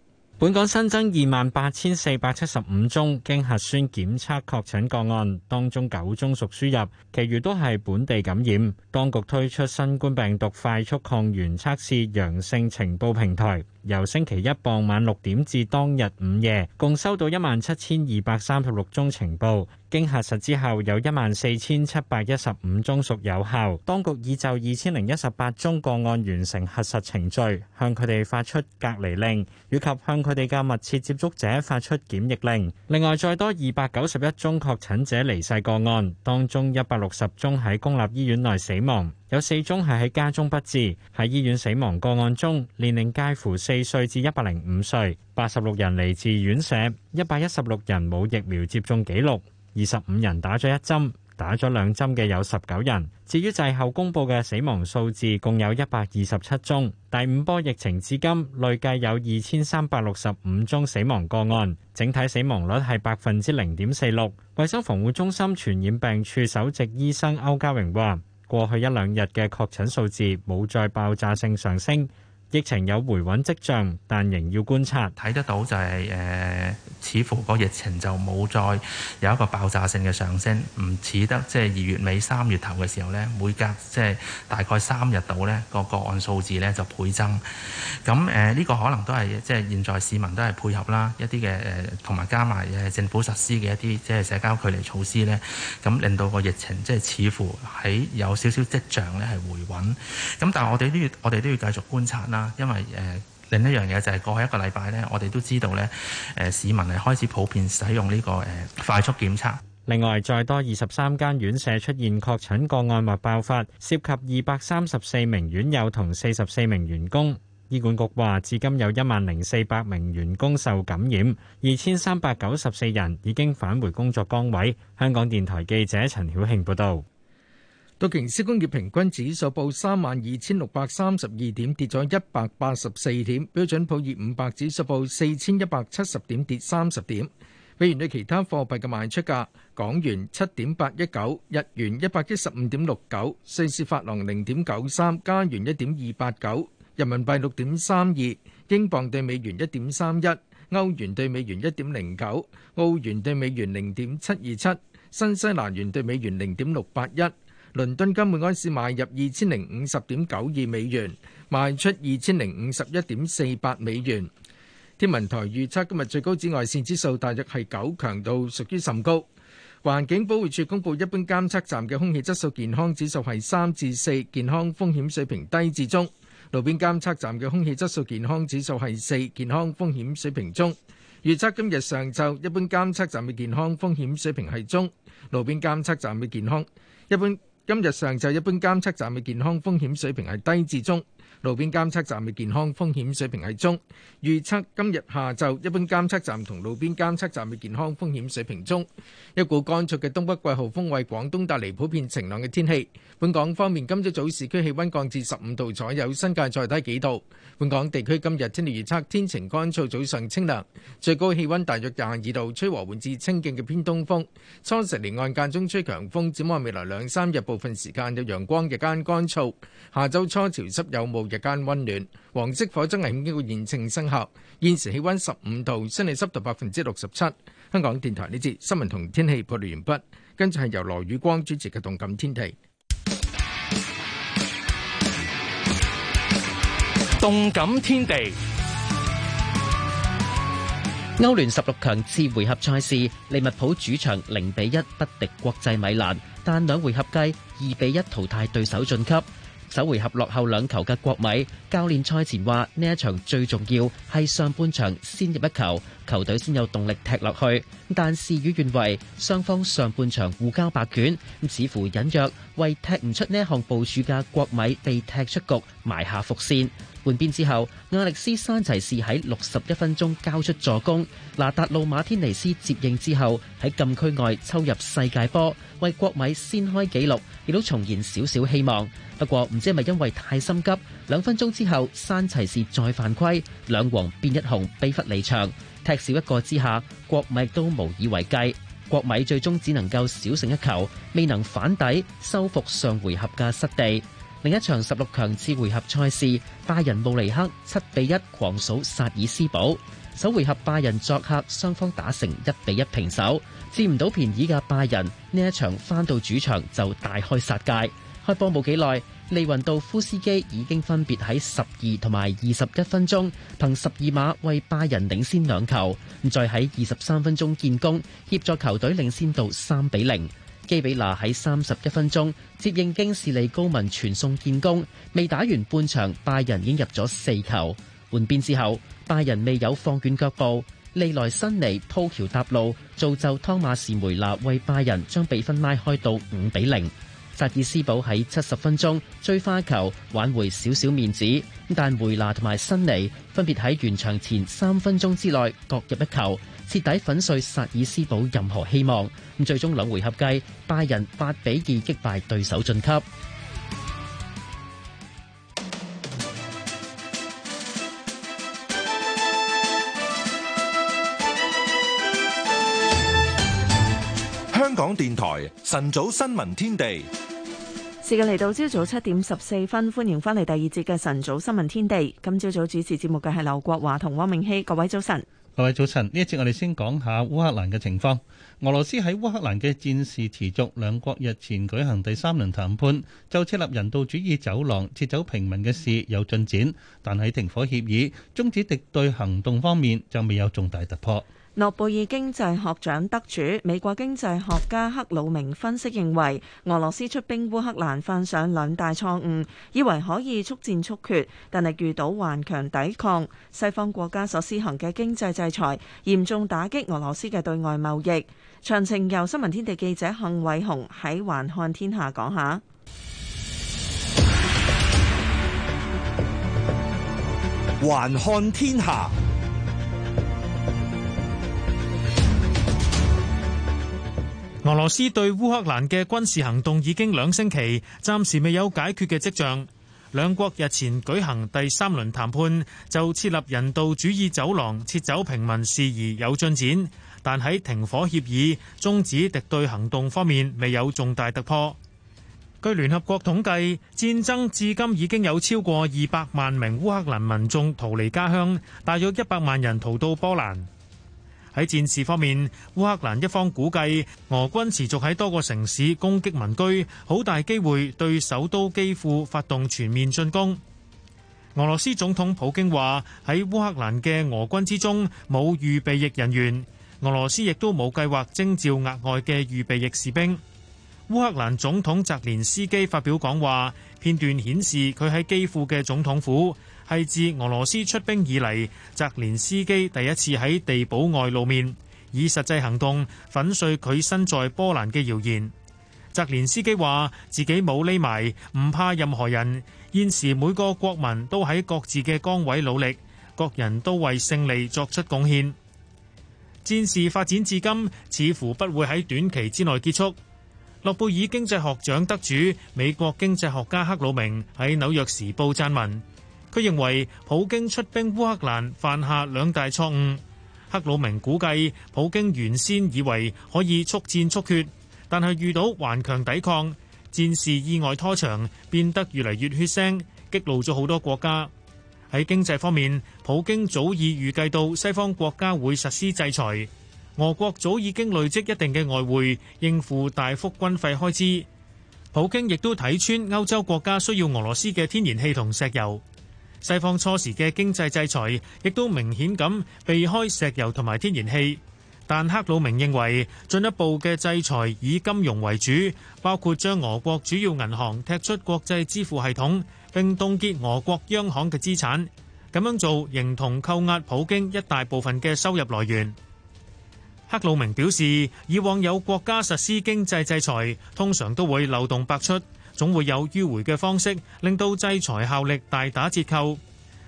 本港新增二萬八千四百七十五宗經核酸檢測確診個案，當中九宗屬輸入，其餘都係本地感染。當局推出新冠病毒快速抗原測試陽性情報平台。由星期一傍晚六點至當日午夜，共收到一萬七千二百三十六宗情報，經核實之後，有一萬四千七百一十五宗屬有效。當局已就二千零一十八宗個案完成核實程序，向佢哋發出隔離令，以及向佢哋嘅密切接觸者發出檢疫令。另外，再多二百九十一宗確診者離世個案，當中一百六十宗喺公立醫院內死亡。有四宗係喺家中不治，喺醫院死亡個案中年齡介乎四歲至一百零五歲，八十六人嚟自院舍，一百一十六人冇疫苗接種記錄，二十五人打咗一針，打咗兩針嘅有十九人。至於滯後公佈嘅死亡數字，共有一百二十七宗。第五波疫情至今累計有二千三百六十五宗死亡個案，整體死亡率係百分之零點四六。衞生防護中心傳染病處首席醫生歐家榮話。過去一兩日嘅確診數字冇再爆炸性上升。疫情有回穩跡象，但仍要觀察。睇得到就係、是、誒、呃、似乎個疫情就冇再有一個爆炸性嘅上升，唔似得即係二月尾三月頭嘅時候咧，每隔即係、就是、大概三日度咧個個案數字咧就倍增。咁誒呢個可能都係即係現在市民都係配合啦，一啲嘅誒同埋加埋誒政府實施嘅一啲即係社交距離措施咧，咁令到個疫情即係、就是、似乎喺有少少跡象咧係回穩，咁但係我哋都，都要我哋都要繼續觀察啦。因為誒、呃、另一樣嘢就係過去一個禮拜呢，我哋都知道呢，誒、呃、市民係開始普遍使用呢、這個誒、呃、快速檢測。另外，再多二十三間院舍出現確診個案或爆發，涉及二百三十四名院友同四十四名員工。醫管局話，至今有一萬零四百名員工受感染，二千三百九十四人已經返回工作崗位。香港電台記者陳曉慶報道。道瓊斯工業平均指數報三萬二千六百三十二點，跌咗一百八十四點。標準普爾五百指數報四千一百七十點，跌三十點。美元對其他貨幣嘅賣出價：港元七點八一九，日元一百一十五點六九，瑞士法郎零點九三，加元一點二八九，人民幣六點三二，英鎊對美元一點三一，歐元對美元一點零九，澳元對美元零點七二七，新西蘭元對美元零點六八一。倫敦金每安士買入二千零五十點九二美元，賣出二千零五十一點四八美元。天文台預測今日最高紫外線指數大約係九，強度屬於甚高。環境保護署公布，一般監測站嘅空氣質素健康指數係三至四，健康風險水平低至中。路邊監測站嘅空氣質素健康指數係四，健康風險水平中。預測今日上晝一般監測站嘅健康風險水平係中，路邊監測站嘅健康一般。今日上晝一般監測站嘅健康風險水平係低至中，路邊監測站嘅健康風險水平係中。預測今日下晝一般監測站同路邊監測站嘅健康風險水平中。一股乾燥嘅東北季候風為廣東帶嚟普遍晴朗嘅天氣。本港方面，今朝早市區氣溫降至十五度左右，新界再低幾度。本港地區今日天氣預測：天晴乾燥，早上清涼，最高氣溫大約廿二度，吹和緩至清勁嘅偏東風。初十離岸間中吹強風，展望未來兩三日部分時間有陽光，日間乾燥。下周初潮濕有霧，日間溫暖。黃色火災危險警告現正生效。現時氣溫十五度，相對濕度百分之六十七。香港電台呢節新聞同天氣報道完畢，跟住係由羅宇光主持嘅《動感天地》。動感天地，歐聯十六強次回合賽事，利物浦主場零比一不敵國際米蘭，但兩回合計二比一淘汰對手晉級。首回合落後兩球嘅國米，教練賽前話呢一場最重要係上半場先入一球，球隊先有動力踢落去。但事與願違，雙方上半場互交白卷，咁似乎隱約為踢唔出呢項部署嘅國米被踢出局，埋下伏線。換邊之後，亞力斯山齊士喺六十一分鐘交出助攻，拿達路馬天尼斯接應之後喺禁區外抽入世界波，為國米先開紀錄，亦都重燃少少希望。不過唔知係咪因為太心急，兩分鐘之後山齊士再犯規，兩黃變一紅，被逐離場，踢少一個之下，國米都無以為繼。國米最終只能夠小勝一球，未能反底收復上回合嘅失地。另一場十六強次回合賽事，拜仁慕尼克七比一狂掃薩爾斯堡。首回合拜仁作客，雙方打成一比一平手。佔唔到便宜嘅拜仁，呢一場翻到主場就大開殺戒。開波冇幾耐，利雲道夫斯基已經分別喺十二同埋二十一分鐘，憑十二碼為拜仁領先兩球。再喺二十三分鐘建功，協助球隊領先到三比零。基比拿喺三十一分鐘接應京士利高文傳送建功，未打完半場拜仁已經入咗四球。換邊之後拜仁未有放軟腳步，利萊辛尼鋪橋搭路，造就湯馬士梅拿為拜仁將比分拉開到五比零。薩爾斯堡喺七十分鐘追花球挽回少少面子，但梅拿同埋辛尼分別喺完場前三分鐘之內各入一球。徹底粉碎薩爾斯堡任何希望，咁最終兩回合計，拜仁八比二擊敗對手晉級。香港電台晨早新聞天地，時間嚟到朝早七點十四分，歡迎翻嚟第二節嘅晨早新聞天地。今朝早主持節目嘅係劉國華同汪明熙，各位早晨。各位早晨，呢一節我哋先講下烏克蘭嘅情況。俄羅斯喺烏克蘭嘅戰事持續，兩國日前舉行第三輪談判，就設立人道主義走廊撤走平民嘅事有進展，但喺停火協議、終止敵對行動方面就未有重大突破。諾貝爾經濟學獎得主、美國經濟學家克魯明分析認為，俄羅斯出兵烏克蘭犯上兩大錯誤，以為可以速戰速決，但係遇到頑強抵抗。西方國家所施行嘅經濟制裁，嚴重打擊俄羅斯嘅對外貿易。詳情由新聞天地記者幸偉雄喺《環看天下》講下，《環看天下》。俄羅斯對烏克蘭嘅軍事行動已經兩星期，暫時未有解決嘅跡象。兩國日前舉行第三輪談判，就設立人道主義走廊，撤走平民事宜有進展，但喺停火協議，終止敵對行動方面未有重大突破。據聯合國統計，戰爭至今已經有超過二百萬名烏克蘭民眾逃離家鄉，大約一百萬人逃到波蘭。喺戰事方面，烏克蘭一方估計俄軍持續喺多個城市攻擊民居，好大機會對首都基輔發動全面進攻。俄羅斯總統普京話：喺烏克蘭嘅俄軍之中冇預備役人員，俄羅斯亦都冇計劃徵召額，額外嘅預備役士兵。烏克蘭總統澤連斯基發表講話片段顯示，佢喺基輔嘅總統府。係自俄羅斯出兵以嚟，澤連斯基第一次喺地堡外露面，以實際行動粉碎佢身在波蘭嘅謠言。澤連斯基話：自己冇匿埋，唔怕任何人。現時每個國民都喺各自嘅崗位努力，各人都為勝利作出貢獻。戰事發展至今，似乎不會喺短期之內結束。諾貝爾經濟學獎得主、美國經濟學家克魯明喺《紐約時報》撰文。佢認為普京出兵烏克蘭犯下兩大錯誤。克魯明估計，普京原先以為可以速戰速決，但係遇到頑強抵抗，戰事意外拖長，變得越嚟越血腥，激怒咗好多國家。喺經濟方面，普京早已預計到西方國家會實施制裁，俄國早已經累積一定嘅外匯，應付大幅軍費開支。普京亦都睇穿歐洲國家需要俄羅斯嘅天然氣同石油。西方初時嘅經濟制裁，亦都明顯咁避開石油同埋天然氣。但克魯明認為，進一步嘅制裁以金融為主，包括將俄國主要銀行踢出國際支付系統，並凍結俄國央行嘅資產。咁樣做，形同扣押普京一大部分嘅收入來源。克魯明表示，以往有國家實施經濟制裁，通常都會漏洞百出。總會有迂迴嘅方式，令到制裁效力大打折扣。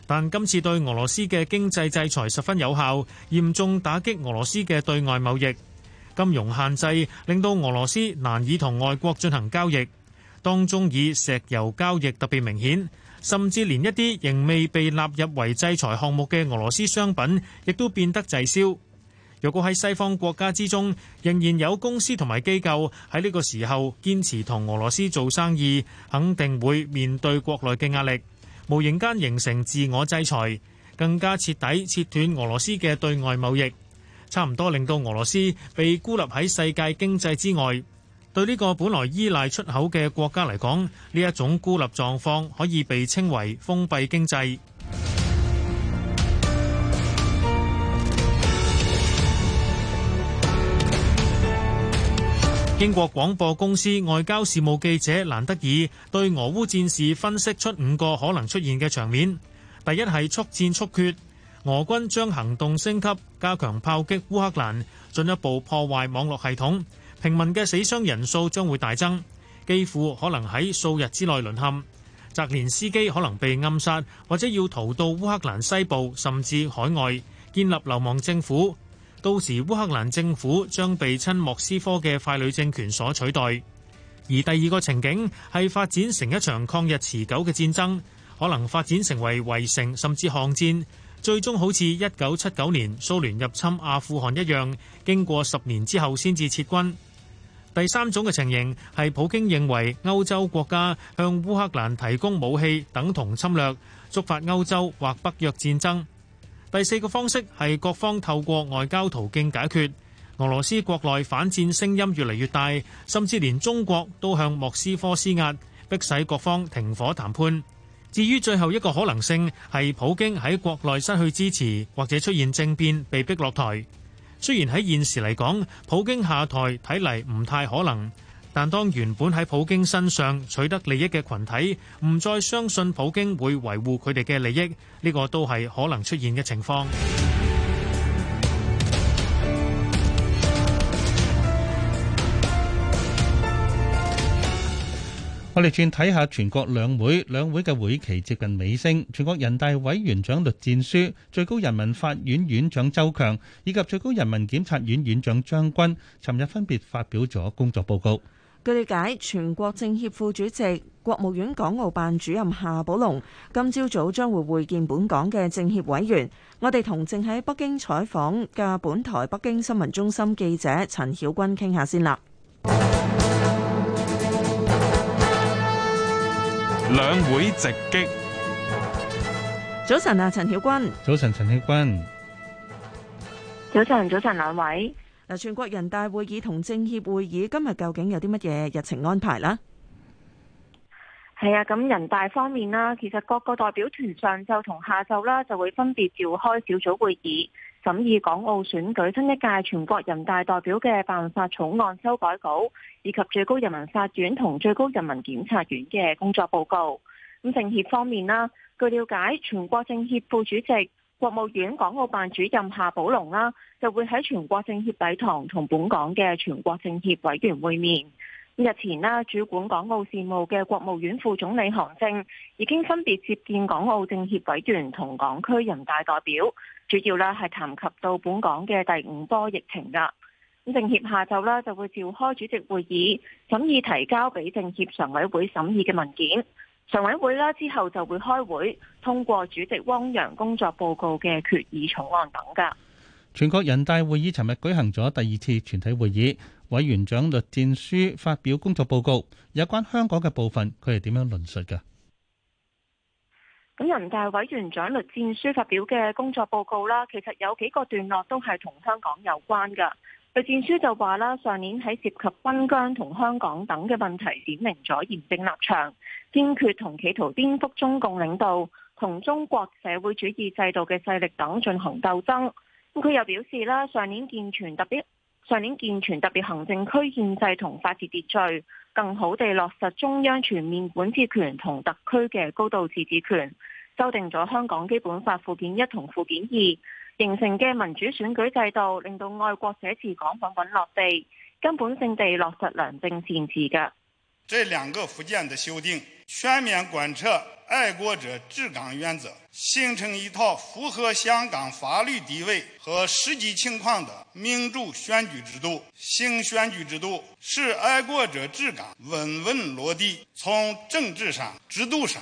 但今次對俄羅斯嘅經濟制裁十分有效，嚴重打擊俄羅斯嘅對外貿易。金融限制，令到俄羅斯難以同外國進行交易。當中以石油交易特別明顯，甚至連一啲仍未被納入為制裁項目嘅俄羅斯商品，亦都變得滯銷。若果喺西方國家之中，仍然有公司同埋機構喺呢個時候堅持同俄羅斯做生意，肯定會面對國內嘅壓力，無形間形成自我制裁，更加徹底切斷俄羅斯嘅對外貿易，差唔多令到俄羅斯被孤立喺世界經濟之外。對呢個本來依賴出口嘅國家嚟講，呢一種孤立狀況可以被稱為封閉經濟。英國廣播公司外交事務記者蘭德爾對俄烏戰事分析出五個可能出現嘅場面：第一係速戰速決，俄軍將行動升級，加強炮擊烏克蘭，進一步破壞網絡系統，平民嘅死傷人數將會大增，基輔可能喺數日之內淪陷；澤連斯基可能被暗殺，或者要逃到烏克蘭西部甚至海外，建立流亡政府。到時烏克蘭政府將被親莫斯科嘅傀儡政權所取代，而第二個情景係發展成一場抗日持久嘅戰爭，可能發展成為圍城甚至巷戰，最終好似一九七九年蘇聯入侵阿富汗一樣，經過十年之後先至撤軍。第三種嘅情形係普京認為歐洲國家向烏克蘭提供武器等同侵略，觸發歐洲或北約戰爭。第四個方式係各方透過外交途徑解決。俄羅斯國內反戰聲音越嚟越大，甚至連中國都向莫斯科施壓，迫使各方停火談判。至於最後一個可能性係普京喺國內失去支持，或者出現政變被逼落台。雖然喺現時嚟講，普京下台睇嚟唔太可能。但當原本喺普京身上取得利益嘅群體唔再相信普京會維護佢哋嘅利益，呢個都係可能出現嘅情況。我哋轉睇下全國兩會，兩會嘅會期接近尾聲，全國人大委員長栗戰書、最高人民法院院長周強以及最高人民檢察院院長張軍，尋日分別發表咗工作報告。據了解，全國政協副主席、國務院港澳辦主任夏寶龍今朝早將會會見本港嘅政協委員。我哋同正喺北京採訪嘅本台北京新聞中心記者陳曉君傾下先啦。兩會直擊。早晨啊，陳曉君。早晨，陳曉君。早晨，君。早晨，早晨，兩位。嗱，全國人大會議同政協會議今日究竟有啲乜嘢日程安排啦？係啊，咁人大方面啦，其實各個代表團上晝同下晝啦，就會分別召開小組會議，審議港澳選舉新一屆全國人大代表嘅辦法草案修改稿，以及最高人民法院同最高人民檢察院嘅工作報告。咁政協方面啦，據了解，全國政協副主席、國務院港澳辦主任夏寶龍啦，就會喺全國政協禮堂同本港嘅全國政協委員會面。日前啦，主管港澳事務嘅國務院副總理韓正已經分別接見港澳政協委員同港區人大代表，主要咧係談及到本港嘅第五波疫情噶。咁政協下晝咧，就會召開主席會議，審議提交俾政協常委會審議嘅文件。常委會啦，之後就會開會通過主席汪洋工作報告嘅決議草案等噶。全國人大會議尋日舉行咗第二次全體會議，委員長栗戰書發表工作報告，有關香港嘅部分，佢係點樣論述噶？咁人大委員長栗戰書發表嘅工作報告啦，其實有幾個段落都係同香港有關噶。栗戰書就話啦，上年喺涉及新疆同香港等嘅問題，點明咗嚴正立場，堅決同企圖顛覆中共領導同中國社會主義制度嘅勢力等進行鬥爭。咁佢又表示啦，上年健全特別上年健全特別行政區憲制同法治秩序，更好地落實中央全面管治權同特區嘅高度自治權，修訂咗香港基本法附件一同附件二。形成嘅民主選舉制度，令到愛國者治港穩穩落地，根本性地落實良政善治嘅。這兩個附件的修訂，全面貫徹愛國者治港原則，形成一套符合香港法律地位和實際情況的民主選舉制度。新選舉制度是愛國者治港穩穩落地，從政治上、制度上。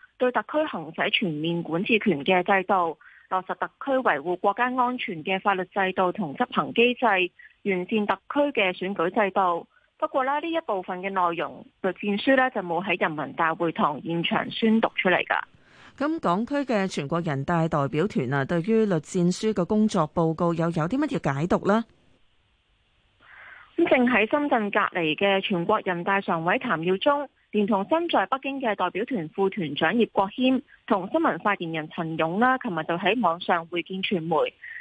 對特區行使全面管治權嘅制度，落實特區維護國家安全嘅法律制度同執行機制，完善特區嘅選舉制度。不過呢，呢一部分嘅內容，律戰書呢就冇喺人民大會堂現場宣讀出嚟噶。咁港區嘅全國人大代表團啊，對於律戰書嘅工作報告又有啲乜嘢解讀呢？咁正喺深圳隔離嘅全國人大常委譚耀宗連同身在北京嘅代表團副團長葉國謙同新聞發言人陳勇啦，琴日就喺網上會見傳媒，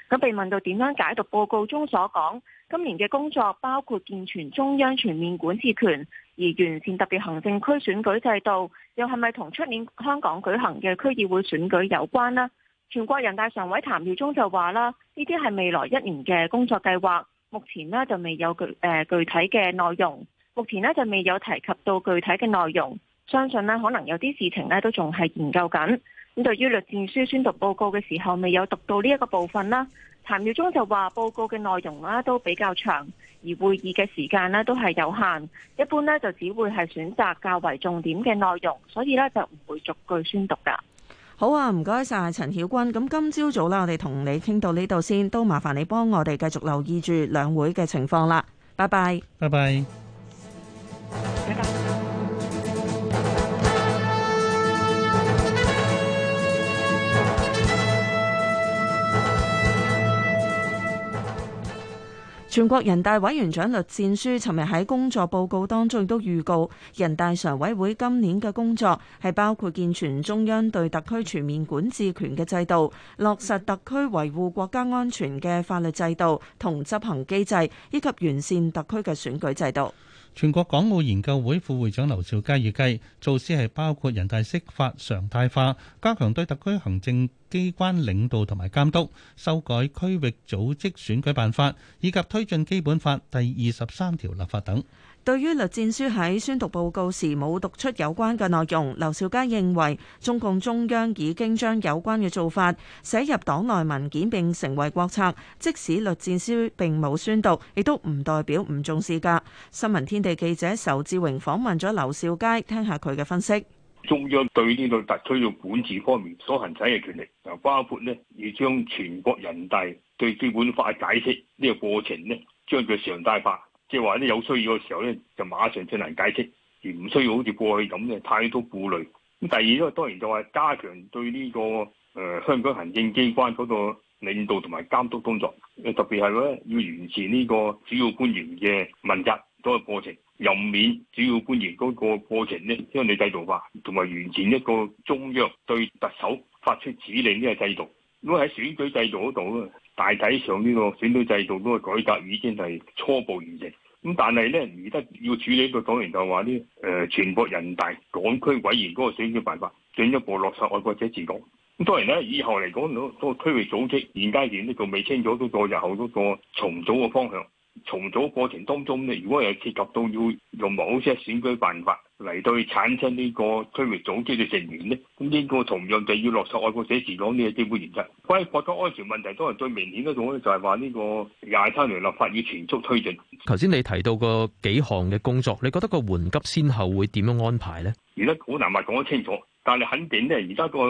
咁被問到點樣解讀報告中所講今年嘅工作包括健全中央全面管治權，而完善特別行政區選舉制度，又係咪同出年香港舉行嘅區議會選舉有關呢？全國人大常委譚耀宗就話啦，呢啲係未來一年嘅工作計劃，目前呢就未有具誒、呃、具體嘅內容。目前呢，就未有提及到具體嘅內容，相信呢，可能有啲事情呢，都仲係研究緊。咁對於栗戰書宣讀報告嘅時候，未有讀到呢一個部分啦。譚耀宗就話報告嘅內容啦都比較長，而會議嘅時間呢，都係有限，一般呢，就只會係選擇較為重點嘅內容，所以呢，就唔會逐句宣讀噶。好啊，唔該晒陳曉君。咁今朝早啦，我哋同你傾到呢度先，都麻煩你幫我哋繼續留意住兩會嘅情況啦。拜拜，拜拜。全國人大委員長栗戰書尋日喺工作報告當中亦都預告，人大常委會今年嘅工作係包括健全中央對特區全面管治權嘅制度，落實特區維護國家安全嘅法律制度同執行機制，以及完善特區嘅選舉制度。全國港澳研究會副會長劉兆佳預計，措施係包括人大釋法常態化、加強對特區行政機關領導同埋監督、修改區域組織選舉辦法，以及推進基本法第二十三條立法等。對於《栗戰書》喺宣讀報告時冇讀出有關嘅內容，劉兆佳認為中共中央已經將有關嘅做法寫入黨內文件並成為國策，即使《栗戰書》並冇宣讀，亦都唔代表唔重視噶。新聞天地記者仇志榮訪問咗劉兆佳，聽下佢嘅分析。中央對呢個特區嘅管治方面所行使嘅權力，就包括咧要將全國人大對基本法解釋呢個過程咧，將佢常態化。即係話啲有需要嘅時候咧，就馬上進行解釋，而唔需要好似過去咁嘅太多顧慮。咁第二咧，當然就係加強對呢、這個誒、呃、香港行政機關嗰個領導同埋監督工作，特別係咧要完善呢個主要官員嘅問責嗰個過程，任免主要官員嗰個過程呢因將你制度化，同埋完善一個中央對特首發出指令呢個制度。如果喺選舉制度嗰度咧，大體上呢個選舉制度嗰個改革已經係初步完成。咁但係咧，而家要處理嘅當然就話呢，誒、呃、全國人大港區委員嗰個選舉辦法進一步落實愛國者治國。咁當然咧，以後嚟講到個區域組織現階段咧仲未清楚到日後嗰個重組嘅方向。重組過程當中咧，如果係涉及到要用某些選舉辦法。嚟到去產生呢個推廣組織嘅成員咧，咁、這、呢個同樣就要落實愛國者治港呢個基本原則。關於國家安全問題，當然最明顯嗰個咧就係話呢個廿三條立法要全速推進。頭先你提到個幾項嘅工作，你覺得個緩急先後會點樣安排咧？而家好難話講得清楚。但係肯定咧，而家個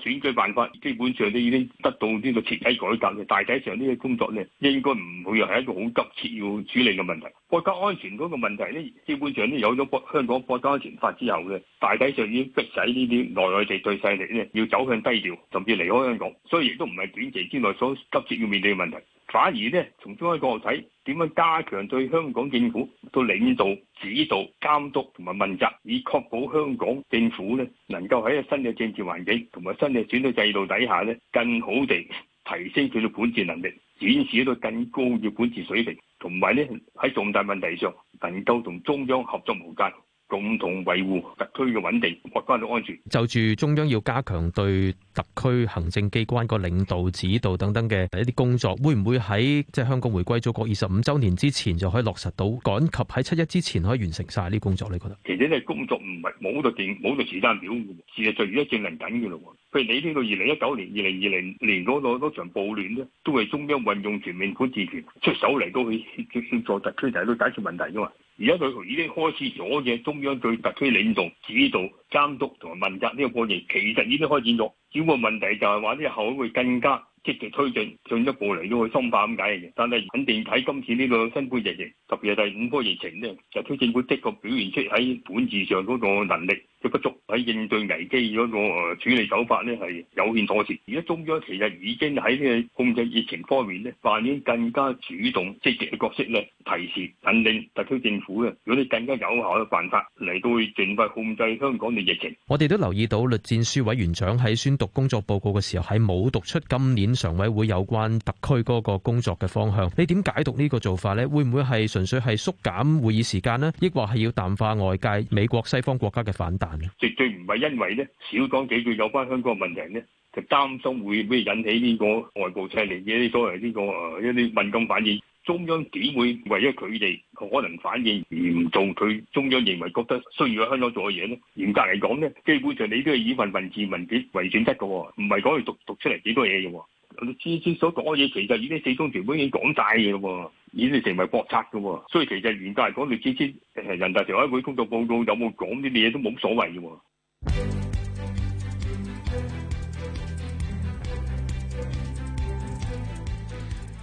選舉辦法基本上都已經得到呢個徹底改革嘅，大體上呢個工作咧應該唔會又係一個好急切要處理嘅問題。國家安全嗰個問題咧，基本上咧有咗香港國家安全法之後咧，大體上已經迫使呢啲內外地對勢力咧要走向低調，甚至離開香港，所以亦都唔係短期之內所急切要面對嘅問題，反而咧從中間角度睇。點樣加強對香港政府到領導、指導、監督同埋問責，以確保香港政府咧能夠喺新嘅政治環境同埋新嘅選舉制度底下咧，更好地提升佢嘅管治能力，展示到更高嘅管治水平，同埋咧喺重大問題上能夠同中央合作無間，共同維護特區嘅穩定，國家嘅安全。就住中央要加強對特區行政機關個領導、指導等等嘅第一啲工作，會唔會喺即係香港回歸祖國二十五週年之前就可以落實到，趕及喺七一之前可以完成晒呢啲工作？你覺得？其實你工作唔係冇度定冇度時間表嘅，事實就而家證明緊嘅咯喎。譬如你呢個二零一九年、二零二零年嗰個場暴亂咧，都係中央運用全面管治權出手嚟，都去協助特區嚟都解決問題嘅嘛。而家佢已經開始咗嘅中央對特區領導指導監督同埋問責呢個過程，其實已經開展咗。主要問題就係話啲後會更加積極推進進一步嚟到去深化咁解嘅。但係肯定喺今次呢個新冠疫情，特別係第五波疫情呢，特區政府即刻表現出喺本質上嗰個能力嘅不足，喺應對危機嗰個處理手法咧，係有欠妥協。而家中央其實已經喺呢個控制疫情方面咧扮演更加主動積極嘅角色咧，提示引領特區政府如果你更加有效嘅辦法嚟到盡快控制香港嘅疫情。我哋都留意到栗戰書委員長喺宣讀工作報告嘅時候係冇讀出今年常委會有關特區嗰個工作嘅方向。你點解讀呢個做法咧？會唔會係純粹係縮減會議時間咧？抑或係要淡化外界美國西方國家嘅反彈？絕對唔係因為咧少講幾句有關香港嘅問題咧，就擔心會咩引起呢個外部勢力嘅啲所謂呢個啊一啲敏感反應。中央點會為咗佢哋可能反應嚴重？佢中央認為覺得需要喺香港做嘅嘢咧，嚴格嚟講咧，基本上你都係以份文字文件為準則嘅，唔係講嚟讀讀出嚟幾多嘢嘅。你之前所講嘅嘢，其實已經四中全會已經講曬嘅喎，已經成為國策嘅喎，所以其實原來嚟講你之前誒人大常委會工作報告有冇講啲嘢都冇所謂嘅喎。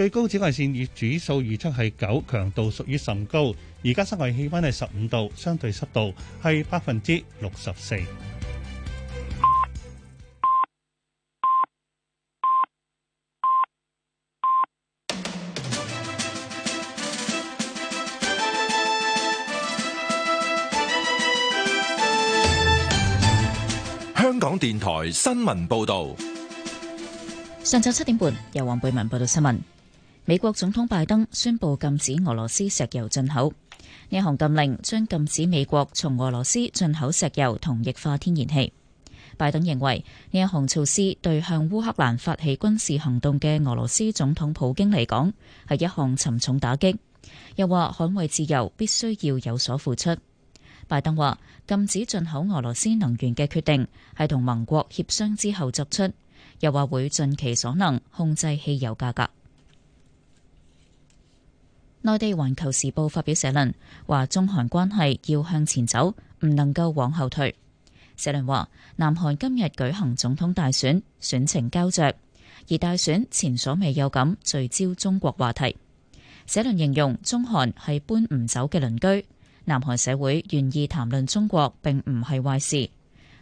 最高紫外線月指數預測係九，強度屬於甚高。而家室外氣溫係十五度，相對濕度係百分之六十四。香港電台新聞報導，上晝七點半由黃貝文報道新聞。美國總統拜登宣佈禁止俄羅斯石油進口，呢項禁令將禁止美國從俄羅斯進口石油同液化天然氣。拜登認為呢一項措施對向烏克蘭發起軍事行動嘅俄羅斯總統普京嚟講係一項沉重打擊，又話捍衛自由必須要有所付出。拜登話禁止進口俄羅斯能源嘅決定係同盟國協商之後作出，又話會盡其所能控制汽油價格。內地環球時報發表社論，話中韓關係要向前走，唔能夠往後退。社論話，南韓今日舉行總統大選，選情膠着，而大選前所未有咁聚焦中國話題。社論形容中韓係搬唔走嘅鄰居，南韓社會願意談論中國，並唔係壞事。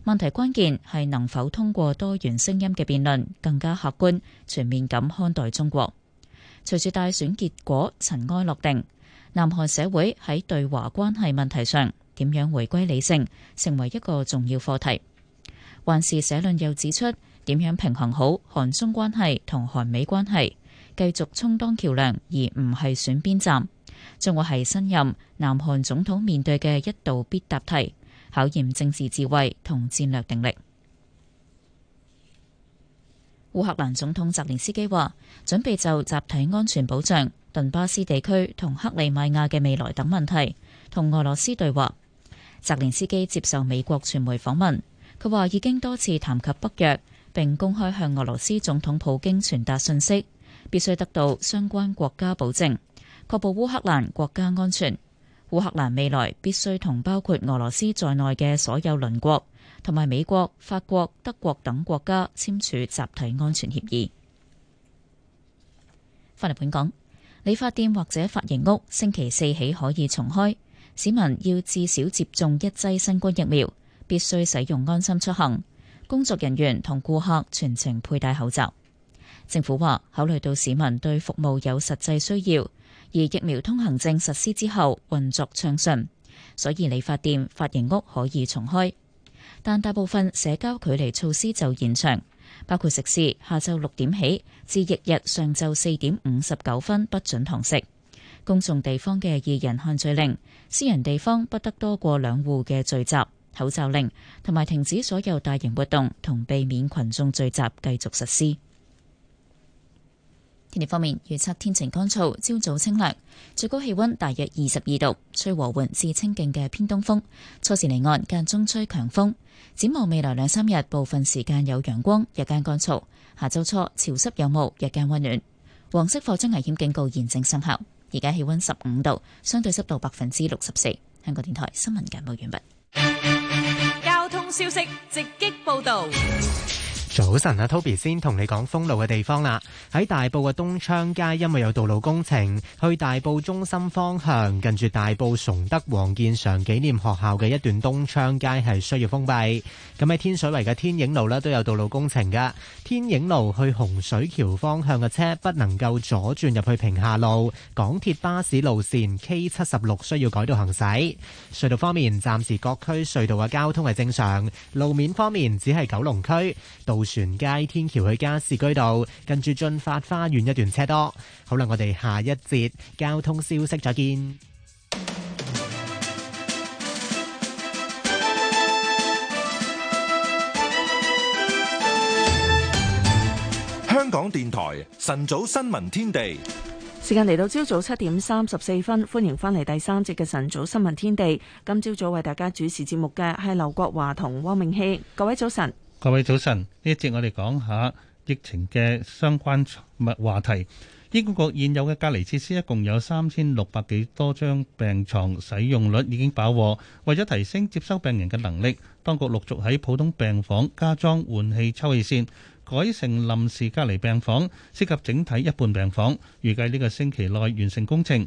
問題關鍵係能否通過多元聲音嘅辯論，更加客觀全面咁看待中國。隨住大選結果塵埃落定，南韓社會喺對華關係問題上點樣回歸理性，成為一個重要課題。還是社論又指出，點樣平衡好韓中關係同韓美關係，繼續充當橋樑而唔係選邊站，將會係新任南韓總統面對嘅一道必答題，考驗政治智慧同戰略定力。烏克蘭總統澤連斯基話，準備就集體安全保障、頓巴斯地區同克里米亞嘅未來等問題同俄羅斯對話。澤連斯基接受美國傳媒訪問，佢話已經多次談及北約，並公開向俄羅斯總統普京傳達信息，必須得到相關國家保證，確保烏克蘭國家安全。烏克蘭未來必須同包括俄羅斯在內嘅所有鄰國。同埋美國、法國、德國等國家簽署集體安全協議。返嚟本港，理髮店或者髮型屋星期四起可以重開，市民要至少接種一劑新冠疫苗，必須使用安心出行，工作人員同顧客全程佩戴口罩。政府話，考慮到市民對服務有實際需要，而疫苗通行證實施之後運作暢順，所以理髮店、髮型屋可以重開。但大部分社交距離措施就延長，包括食肆下晝六點起至翌日上晝四點五十九分不准堂食；公眾地方嘅二人限聚令，私人地方不得多過兩戶嘅聚集；口罩令同埋停止所有大型活動同避免群眾聚集繼續實施。天氣方面，預測天晴乾燥，朝早清涼，最高氣溫大約二十二度，吹和緩至清勁嘅偏東風，初時離岸間中吹強風。展望未來兩三日，部分時間有陽光，日間乾燥。下周初潮濕有霧，日間溫暖。黃色火災危險警告現正生效。而家氣溫十五度，相對濕度百分之六十四。香港電台新聞簡報完畢。交通消息直擊報道。早晨啊，Toby 先同你講封路嘅地方啦。喺大埔嘅東昌街，因為有道路工程，去大埔中心方向，近住大埔崇德黃建常紀念學校嘅一段東昌街係需要封閉。咁喺天水圍嘅天影路咧都有道路工程嘅。天影路去洪水橋方向嘅車不能夠左轉入去平下路。港鐵巴士路線 K 七十六需要改道行駛。隧道方面，暫時各區隧道嘅交通係正常。路面方面，只係九龍區道。全街天橋去加士居道，跟住駿發花園一段車多。好啦，我哋下一節交通消息再見。香港電台晨早新聞天地，時間嚟到朝早七點三十四分，歡迎翻嚟第三節嘅晨早新聞天地。今朝早為大家主持節目嘅係劉國華同汪明熙。各位早晨。各位早晨，呢一節我哋講下疫情嘅相關物話題。醫管局現有嘅隔離設施一共有三千六百幾多張病床，使用率已經飽和。為咗提升接收病人嘅能力，當局陸續喺普通病房加裝換氣抽氣扇，改成臨時隔離病房，涉及整體一半病房，預計呢個星期內完成工程。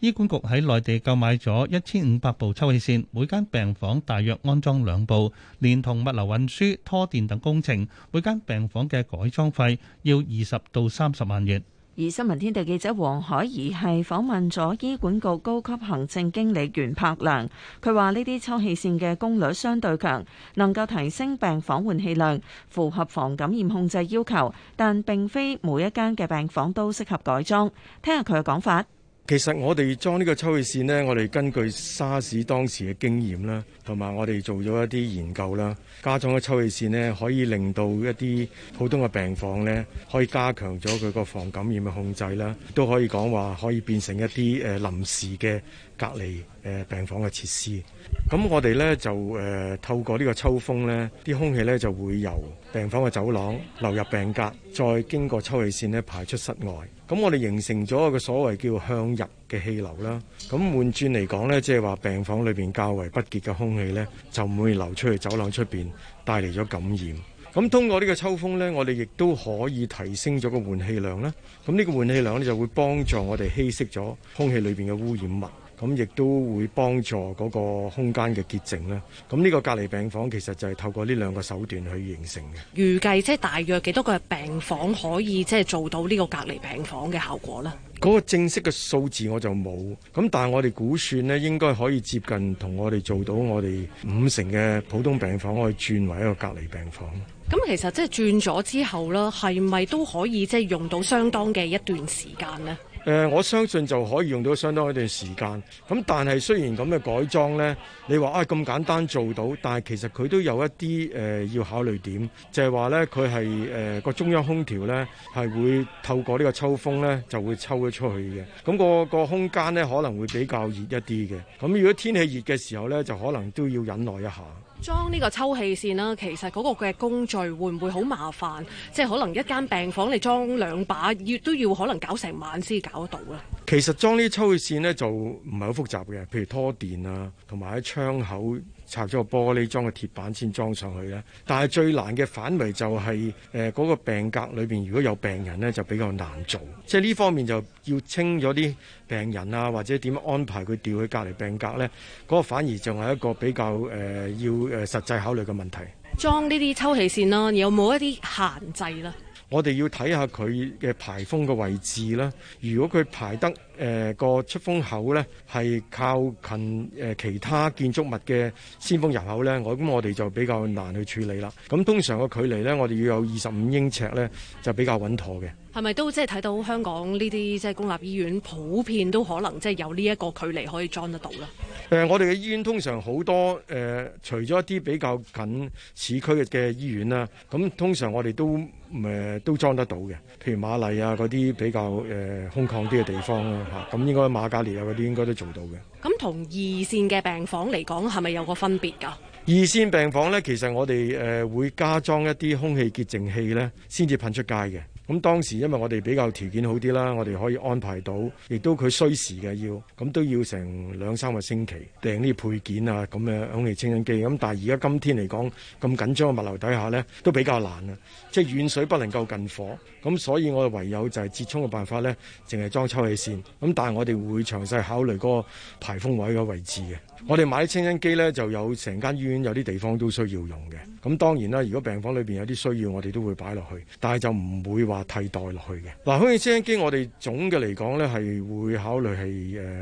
醫管局喺內地購買咗一千五百部抽氣扇，每間病房大約安裝兩部，連同物流運輸、拖電等工程，每間病房嘅改裝費要二十到三十萬元。而新聞天地記者黃海怡係訪問咗醫管局高級行政經理袁柏良，佢話呢啲抽氣扇嘅功率相對強，能夠提升病房換氣量，符合防感染控制要求，但並非每一間嘅病房都適合改裝。聽下佢嘅講法。其實我哋裝呢個抽氣扇呢，我哋根據沙士當時嘅經驗啦，同埋我哋做咗一啲研究啦，加裝嘅抽氣扇呢，可以令到一啲普通嘅病房呢，可以加強咗佢個防感染嘅控制啦，都可以講話可以變成一啲誒臨時嘅。隔離誒病房嘅設施，咁我哋呢就誒、呃、透過呢個秋風呢啲空氣呢，就會由病房嘅走廊流入病格，再經過抽氣扇呢排出室外。咁我哋形成咗一個所謂叫向入嘅氣流啦。咁換轉嚟講呢，即係話病房裏邊較為不潔嘅空氣呢，就唔會流出去走廊出邊，帶嚟咗感染。咁通過呢個秋風呢，我哋亦都可以提升咗個換氣量啦。咁呢個換氣量呢，就會幫助我哋稀釋咗空氣裏邊嘅污染物。咁亦都會幫助嗰個空間嘅潔淨咧。咁呢個隔離病房其實就係透過呢兩個手段去形成嘅。預計即係大約幾多個病房可以即係做到呢個隔離病房嘅效果呢？嗰個正式嘅數字我就冇。咁但係我哋估算呢，應該可以接近同我哋做到我哋五成嘅普通病房可以轉為一個隔離病房。咁其實即係轉咗之後咧，係咪都可以即係用到相當嘅一段時間呢？誒，我相信就可以用到相當一段時間。咁但係雖然咁嘅改裝呢，你話啊咁簡單做到，但係其實佢都有一啲誒、呃、要考慮點，就係、是、話呢，佢係誒個中央空調呢，係會透過呢個抽風呢就會抽咗出去嘅。咁、那個個空間呢可能會比較熱一啲嘅。咁如果天氣熱嘅時候呢，就可能都要忍耐一下。裝呢個抽氣扇啦，其實嗰個嘅工序會唔會好麻煩？即係可能一間病房你裝兩把，要都要可能搞成晚先搞得到啦。其實裝呢抽氣扇呢，就唔係好複雜嘅，譬如拖電啊，同埋喺窗口。拆咗個玻璃，裝個鐵板先裝上去咧，但係最難嘅範圍就係誒嗰個病格裏邊，如果有病人呢，就比較難做，即係呢方面就要清咗啲病人啊，或者點樣安排佢調去隔離病格呢？嗰、那個反而仲係一個比較誒、呃、要誒實際考慮嘅問題。裝呢啲抽氣扇啦，有冇一啲限制咧？我哋要睇下佢嘅排風嘅位置啦，如果佢排得。誒個出風口咧，係靠近誒其他建築物嘅鮮風入口咧，我咁我哋就比較難去處理啦。咁通常個距離咧，我哋要有二十五英尺咧，就比較穩妥嘅。係咪都即係睇到香港呢啲即係公立醫院普遍都可能即係有呢一個距離可以裝得到咧？誒、呃，我哋嘅醫院通常好多誒、呃，除咗一啲比較近市區嘅醫院啦，咁、呃、通常我哋都誒、呃、都裝得到嘅，譬如瑪麗啊嗰啲比較誒、呃、空曠啲嘅地方咯。咁應該瑪嘉烈啊嗰啲應該都做到嘅。咁同二線嘅病房嚟講，係咪有個分別㗎？二線病房呢，其實我哋誒、呃、會加裝一啲空氣潔淨器呢，先至噴出街嘅。咁、嗯、當時因為我哋比較條件好啲啦，我哋可以安排到，亦都佢需時嘅要，咁、嗯、都要成兩三個星期訂啲配件啊，咁嘅空氣清新機。咁、嗯、但係而家今天嚟講咁緊張嘅物流底下呢，都比較難啊。即係遠水不能夠近火，咁所以我哋唯有就係折衷嘅辦法呢，淨係裝抽氣扇。咁但係我哋會詳細考慮嗰個排風位嘅位置嘅。我哋買啲清新機呢，就有成間醫院有啲地方都需要用嘅。咁當然啦，如果病房裏邊有啲需要，我哋都會擺落去，但係就唔會話替代落去嘅。嗱，空氣清新機我哋總嘅嚟講呢，係會考慮係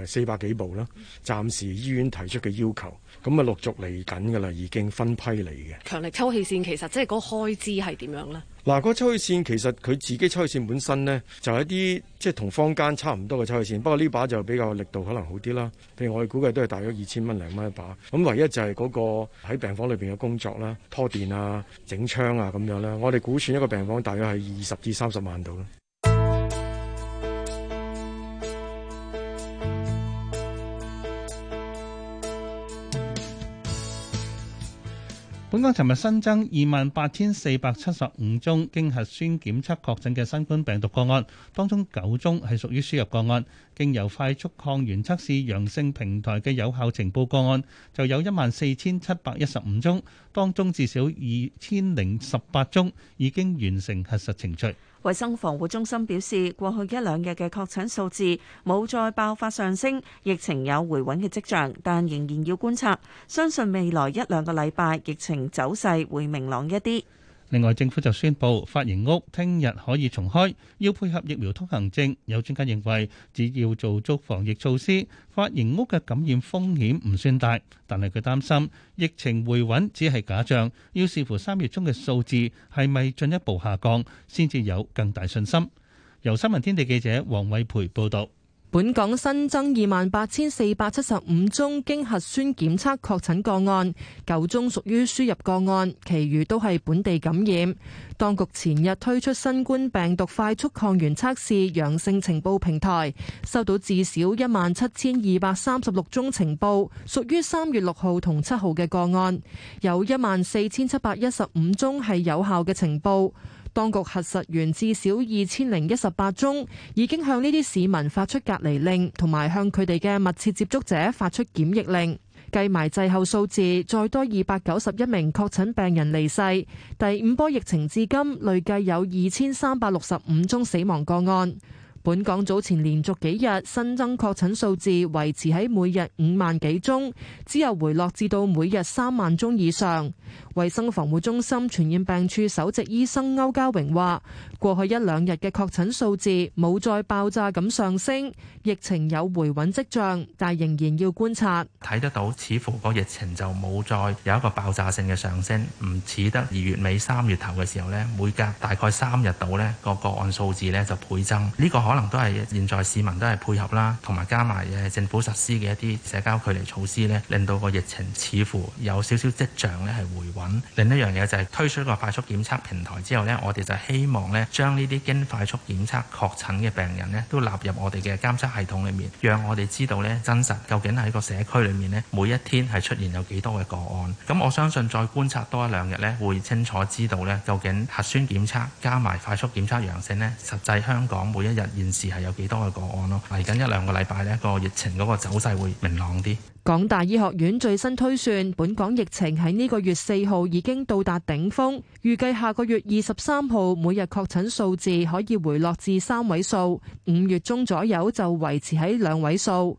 誒四百幾部啦。暫時醫院提出嘅要求，咁啊陸續嚟緊㗎喇，已經分批嚟嘅。強力抽氣扇其實即係嗰開支係點樣呢？嗱，個抽氣扇其實佢自己抽氣扇本身呢，就係一啲即係同坊間差唔多嘅抽氣扇，不過呢把就比較力度可能好啲啦。譬如我哋估計都係大約二千蚊零蚊一把，咁唯一就係嗰個喺病房裏邊嘅工作啦，拖電啊、整窗啊咁樣啦。我哋估算一個病房大約係二十至三十萬度啦。本港尋日新增二萬八千四百七十五宗經核酸檢測確診嘅新冠病毒個案，當中九宗係屬於輸入個案，經由快速抗原測試陽性平台嘅有效呈報個案就有一萬四千七百一十五宗，當中至少二千零十八宗已經完成核實程序。衛生防護中心表示，過去一兩日嘅確診數字冇再爆發上升，疫情有回穩嘅跡象，但仍然要觀察，相信未來一兩個禮拜，疫情走勢會明朗一啲。另外，政府就宣佈髮型屋聽日可以重開，要配合疫苗通行證，有專家認為只要做足防疫措施，髮型屋嘅感染風險唔算大。但係佢擔心疫情回穩只係假象，要視乎三月中嘅數字係咪進一步下降，先至有更大信心。由新聞天地記者黃偉培報道。本港新增二萬八千四百七十五宗經核酸檢測確診個案，九宗屬於輸入個案，其餘都係本地感染。當局前日推出新冠病毒快速抗原測試陽性情報平台，收到至少一萬七千二百三十六宗情報，屬於三月六號同七號嘅個案，有一萬四千七百一十五宗係有效嘅情報。當局核實完至少二千零一十八宗，已經向呢啲市民發出隔離令，同埋向佢哋嘅密切接觸者發出檢疫令。計埋滯後數字，再多二百九十一名確診病人離世。第五波疫情至今，累計有二千三百六十五宗死亡個案。本港早前連續幾日新增確診數字維持喺每日五萬幾宗，之後回落至到每日三萬宗以上。衞生防護中心傳染病處首席醫生歐家榮話，過去一兩日嘅確診數字冇再爆炸咁上升，疫情有回穩跡象，但仍然要觀察。睇得到，似乎個疫情就冇再有一個爆炸性嘅上升，唔似得二月尾三月頭嘅時候呢，每隔大概三日度呢，個個案數字呢就倍增呢，呢個可。可能都係現在市民都係配合啦，同埋加埋誒政府實施嘅一啲社交距離措施咧，令到個疫情似乎有少少跡象咧係回穩。另一樣嘢就係推出一個快速檢測平台之後咧，我哋就希望咧將呢啲經快速檢測確診嘅病人咧都納入我哋嘅監測系統裏面，讓我哋知道咧真實究竟喺個社區裏面咧每一天係出現有幾多嘅個案。咁我相信再觀察多一兩日咧，會清楚知道咧究竟核酸檢測加埋快速檢測陽性咧，實際香港每一日。件事係有幾多個個案咯。嚟緊一兩個禮拜，呢個疫情嗰個走勢會明朗啲。港大醫學院最新推算，本港疫情喺呢個月四號已經到達頂峰，預計下個月二十三號每日確診數字可以回落至三位數，五月中左右就維持喺兩位數。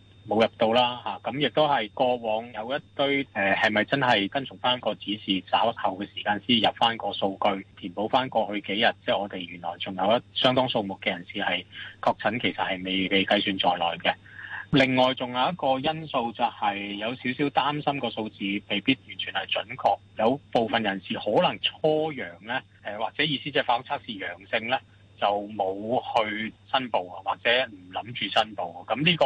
冇入到啦吓，咁、啊、亦都係過往有一堆誒，係、呃、咪真係跟從翻個指示，稍後嘅時間先入翻個數據，填補翻過去幾日，即係我哋原來仲有一相當數目嘅人士係確診，其實係未被計算在內嘅。另外，仲有一個因素就係有少少擔心個數字未必完全係準確，有部分人士可能初陽咧，誒，或者意思即係化學測試陽性咧，就冇去申報啊，或者唔諗住申報咁呢、這個。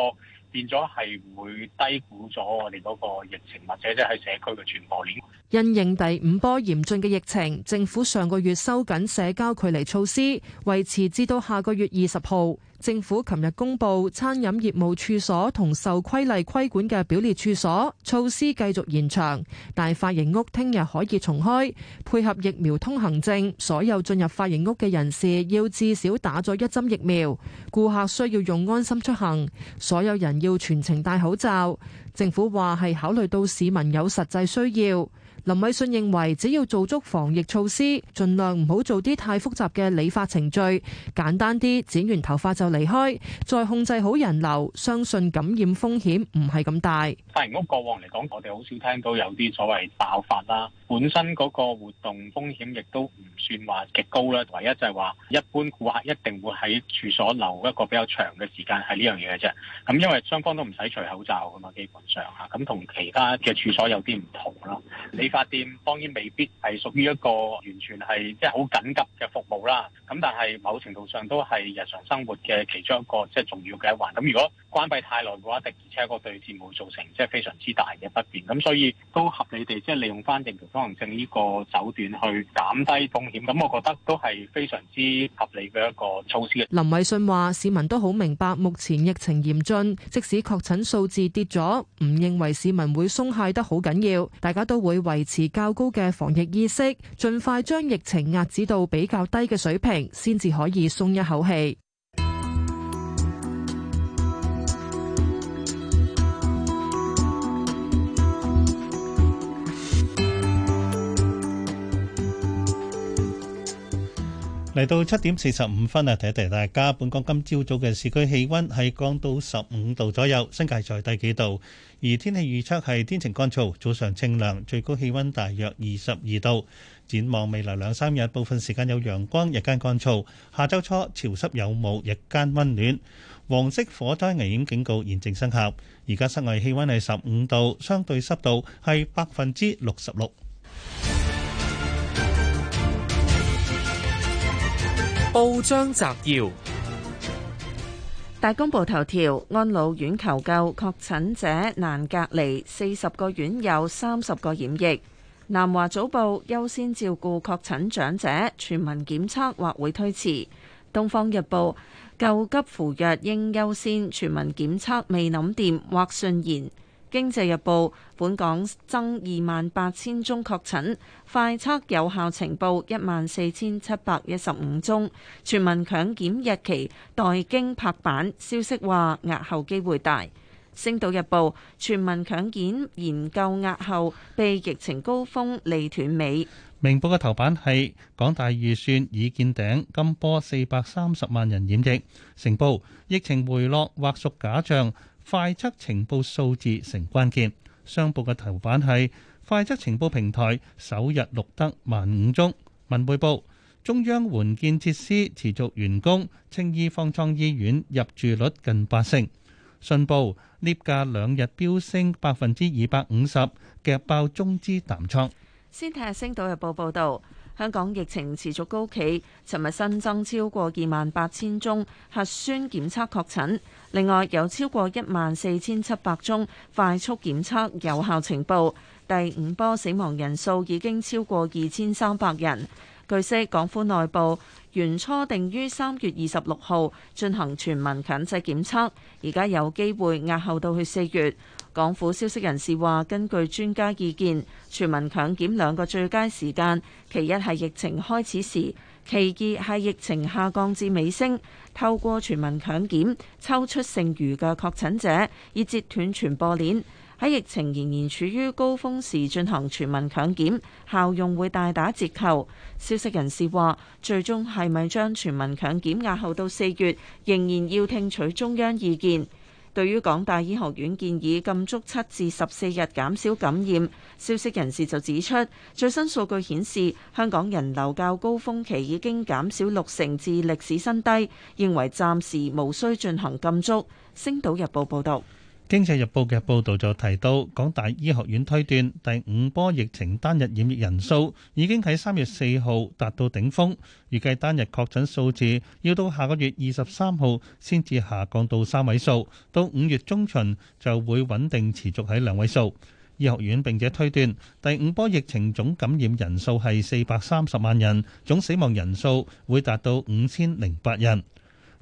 變咗係會低估咗我哋嗰個疫情，或者即係社區嘅傳播鏈。因應第五波嚴峻嘅疫情，政府上個月收緊社交距離措施，維持至到下個月二十號。政府琴日公布餐飲業務處所同受規例規管嘅表列處所措施繼續延長，但髮型屋聽日可以重開，配合疫苗通行證，所有進入髮型屋嘅人士要至少打咗一針疫苗，顧客需要用安心出行，所有人要全程戴口罩。政府話係考慮到市民有實際需要。林偉信認為，只要做足防疫措施，盡量唔好做啲太複雜嘅理髮程序，簡單啲，剪完頭髮就離開，再控制好人流，相信感染風險唔係咁大。髮型屋過往嚟講，我哋好少聽到有啲所謂爆發啦，本身嗰個活動風險亦都唔算話極高啦。唯一就係話，一般顧客一定會喺處所留一個比較長嘅時間，係呢樣嘢嘅啫。咁因為雙方都唔使除口罩噶嘛，基本上吓，咁同其他嘅處所有啲唔同啦。你髮店當然未必係屬於一個完全係即係好緊急嘅服務啦，咁但係某程度上都係日常生活嘅其中一個即係重要嘅一環。咁如果關閉太耐嘅話，的而且確對業務造成即係非常之大嘅不便，咁所以都合理地即係利用翻疫苗通行證呢個手段去減低風險，咁我覺得都係非常之合理嘅一個措施。林偉信話市民都好明白目前疫情嚴峻，即使確診數字跌咗，唔認為市民會鬆懈得好緊要，大家都會維持較高嘅防疫意識，盡快將疫情壓止到比較低嘅水平，先至可以鬆一口氣。嚟到七點四十五分啊，提一提大家，本港今朝早嘅市區氣温係降到十五度左右，新界再低幾度。而天氣預測係天晴乾燥，早上清涼，最高氣温大約二十二度。展望未來兩三日，部分時間有陽光，日間乾燥。下周初潮濕有霧，日間温暖。黃色火災危險警告現正生效。而家室外氣温係十五度，相對濕度係百分之六十六。報章摘要：大公報頭條，安老院求救，確診者難隔離，四十個院有三十個染疫。南華早報，優先照顧確診長者，全民檢測或會推遲。東方日報，救急扶弱，應優先，全民檢測未諗掂或順延。經濟日報：本港增二萬八千宗確診，快測有效情報一萬四千七百一十五宗。全民強檢日期待經拍板，消息話押後機會大。星島日報：全民強檢研究押後，被疫情高峰離斷尾。明報嘅頭版係港大預算已見頂，今波四百三十萬人染疫。成報：疫情回落或屬假象。快測情報數字成關鍵，商報嘅頭版係快測情報平台首日錄得萬五宗。文匯報：中央援建設施持續完工，青衣方艙醫院入住率近八成。信報：跌價兩日飆升百分之二百五十，夾爆中資淡倉。先睇下《星島日報》報道。香港疫情持續高企，尋日新增超過二萬八千宗核酸檢測確診，另外有超過一萬四千七百宗快速檢測有效情報。第五波死亡人數已經超過二千三百人。據悉，港府內部原初定於三月二十六號進行全民強制檢測，而家有機會押後到去四月。港府消息人士話，根據專家意見，全民強檢兩個最佳時間，其一係疫情開始時，其二係疫情下降至尾聲，透過全民強檢抽出剩餘嘅確診者，以截斷傳播鏈，喺疫情仍然處於高峰時進行全民強檢，效用會大打折扣。消息人士話，最終係咪將全民強檢押後到四月，仍然要聽取中央意見。對於港大醫學院建議禁足七至十四日減少感染，消息人士就指出，最新數據顯示，香港人流較高峰期已經減少六成至歷史新低，認為暫時無需進行禁足。星島日報報導。《經濟日報》嘅報導就提到，港大醫學院推斷第五波疫情單日染疫人數已經喺三月四號達到頂峰，預計單日確診數字要到下個月二十三號先至下降到三位數，到五月中旬就會穩定持續喺兩位數。醫學院並且推斷第五波疫情總感染人數係四百三十萬人，總死亡人數會達到五千零八人。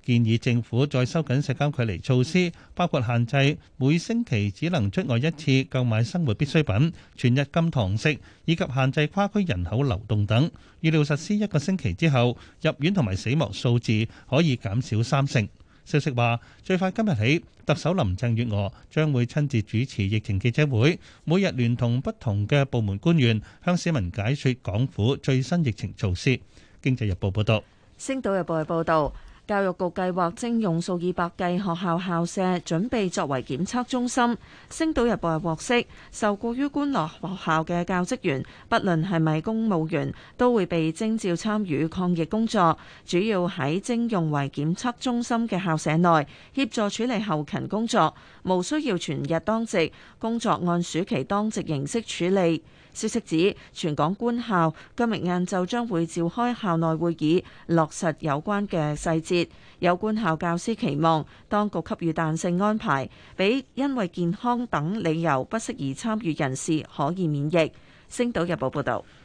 建議政府再收緊社交距離措施，包括限制每星期只能出外一次、購買生活必需品、全日禁堂食，以及限制跨區人口流動等。預料實施一個星期之後，入院同埋死亡數字可以減少三成。消息話，最快今日起，特首林鄭月娥將會親自主持疫情記者會，每日聯同不同嘅部門官員向市民解說港府最新疫情措施。經濟日報報道，星島日報嘅報道。教育局計劃徵用數以百計學校校舍，準備作為檢測中心。《星島日報》又獲悉，受雇於官立學校嘅教職員，不論係咪公務員，都會被徵召參與抗疫工作，主要喺徵用為檢測中心嘅校舍內協助處理後勤工作，無需要全日當值，工作按暑期當值形式處理。消息指，全港官校今日晏晝將會召開校內會議，落實有關嘅細節。有官校教師期望，當局給予彈性安排，俾因為健康等理由不適宜參與人士可以免疫。星島日報報道。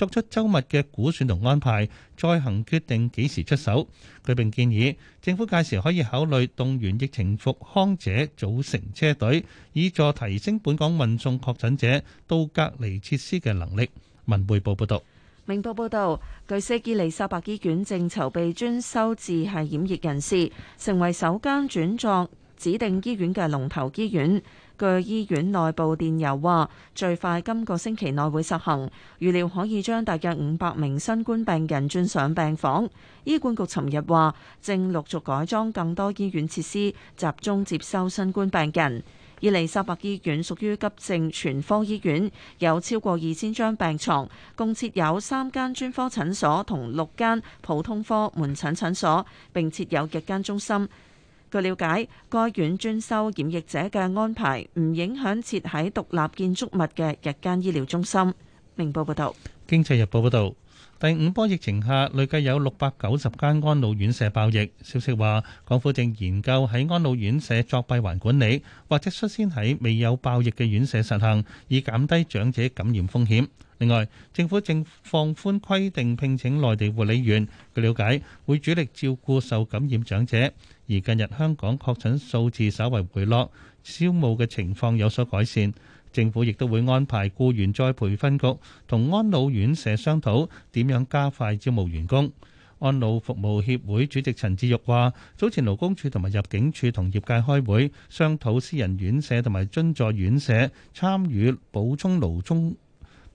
作出周密嘅估算同安排，再行決定幾時出手。佢並建議政府屆時可以考慮動員疫情復康者組成車隊，以助提升本港運送確診者到隔離設施嘅能力。文匯報報道，明報報道，據悉伊利沙伯醫院正籌備專收治係檢疫人士，成為首間轉作指定醫院嘅龍頭醫院。據醫院內部電郵話，最快今個星期內會實行，預料可以將大約五百名新冠病人轉上病房。醫管局尋日話，正陸續改裝更多醫院設施，集中接收新冠病人。伊利沙伯醫院屬於急症全科醫院，有超過二千張病床，共設有三間專科診所同六間普通科門診診所，並設有急症中心。據了解，該院專收檢疫者嘅安排，唔影響設喺獨立建築物嘅日間醫療中心。明報報道，經濟日報報道，第五波疫情下累計有六百九十間安老院舍爆疫。消息話，港府正研究喺安老院舍作閉環管理，或者率先喺未有爆疫嘅院舍實行，以減低長者感染風險。另外，政府正放寬規定，聘請內地護理員。據了解，會主力照顧受感染長者。而近日香港確診數字稍為回落，招募嘅情況有所改善。政府亦都會安排僱員再培訓局同安老院舍商討點樣加快招募員工。安老服務協會主席陳志玉話，早前勞工處同埋入境處同業界開會商討私人院舍同埋津助院舍參與補充勞工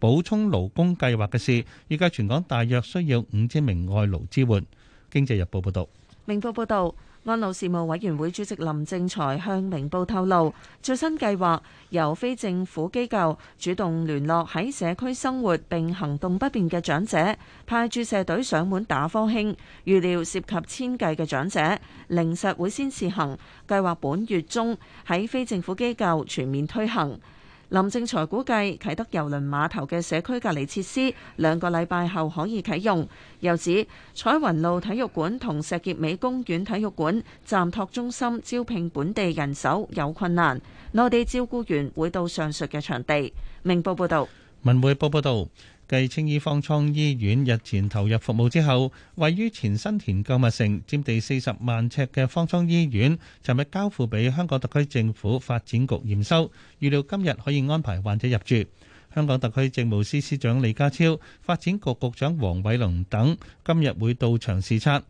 補充勞工計劃嘅事。預計全港大約需要五千名外勞支援。經濟日報報道。明報報導。安老事務委員會主席林正財向明報透露，最新計劃由非政府機構主動聯絡喺社區生活並行動不便嘅長者，派注射隊上門打科興。預料涉及千計嘅長者，零實會先試行，計劃本月中喺非政府機構全面推行。林正財估計啟德郵輪碼頭嘅社區隔離設施兩個禮拜後可以啟用，又指彩雲路體育館同石硤尾公園體育館暫託中心招聘本地人手有困難，內地照顧員會到上述嘅場地。明報報道，文匯報報道。繼青衣方艙醫院日前投入服務之後，位於前新田購物城、佔地四十萬尺嘅方艙醫院，尋日交付俾香港特區政府發展局驗收，預料今日可以安排患者入住。香港特區政務司司長李家超、發展局局長黃偉綸等今日會到場視察。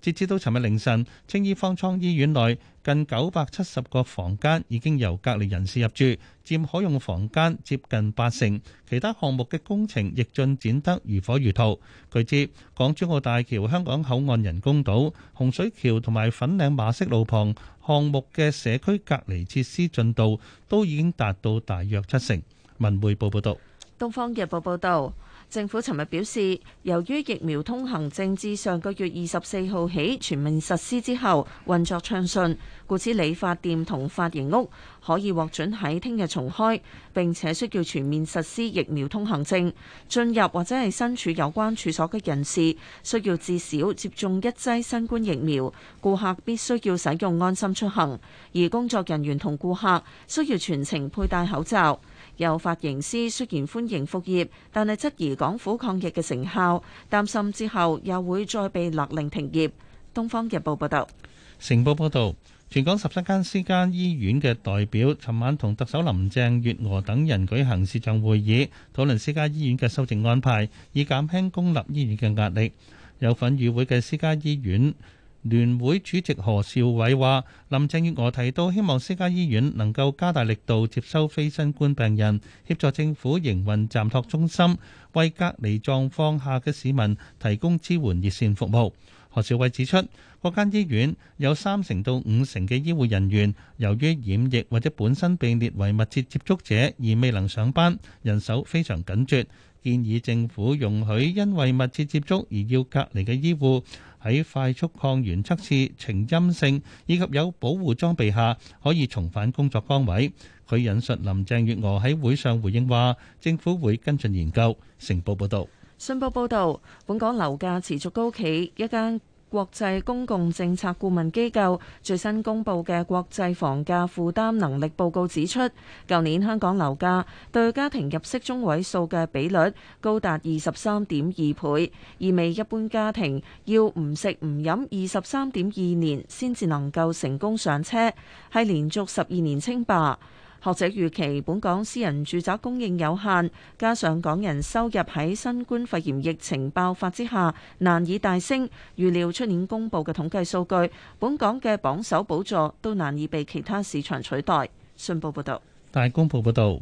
截至到尋日凌晨，青衣方艙醫院內近九百七十個房間已經由隔離人士入住，佔可用房間接近八成。其他項目嘅工程亦進展得如火如荼。據知，港珠澳大橋香港口岸人工島、洪水橋同埋粉嶺馬適路旁項目嘅社區隔離設施進度都已經達到大約七成。文匯報報道。東方日報報道。政府尋日表示，由於疫苗通行證自上個月二十四號起全面實施之後運作暢順，故此理髮店同髮型屋可以獲准喺聽日重開。並且需要全面實施疫苗通行證，進入或者係身處有關處所嘅人士需要至少接種一劑新冠疫苗。顧客必須要使用安心出行，而工作人員同顧客需要全程佩戴口罩。有髮型師雖然歡迎復業，但係質疑港府抗疫嘅成效，擔心之後又會再被勒令停業。《東方日報》報道，《成報》報道，全港十七間私家醫院嘅代表，尋晚同特首林鄭月娥等人舉行視像會議，討論私家醫院嘅收症安排，以減輕公立醫院嘅壓力。有份與會嘅私家醫院聯會主席何兆偉話，林鄭月娥提到希望私家醫院能夠加大力度接收非新冠病人，協助政府營運暫托中心，為隔離狀況下嘅市民提供支援熱線服務。何兆偉指出。各間醫院有三成到五成嘅醫護人員，由於染疫或者本身被列為密切接觸者而未能上班，人手非常緊缺。建議政府容許因為密切接觸而要隔離嘅醫護喺快速抗原測試呈陰性以及有保護裝備下，可以重返工作崗位。佢引述林鄭月娥喺會上回應話，政府會跟進研究。成報報導，信報報道：「本港樓價持續高企，一間國際公共政策顧問機構最新公布嘅《國際房價負擔能力報告》指出，舊年香港樓價對家庭入息中位數嘅比率高達二十三點二倍，意味一般家庭要唔食唔飲二十三點二年先至能夠成功上車，係連續十二年稱霸。學者預期本港私人住宅供應有限，加上港人收入喺新冠肺炎疫情爆發之下難以大升，預料出年公佈嘅統計數據，本港嘅榜首寶座都難以被其他市場取代。信報報道：「大公報報道，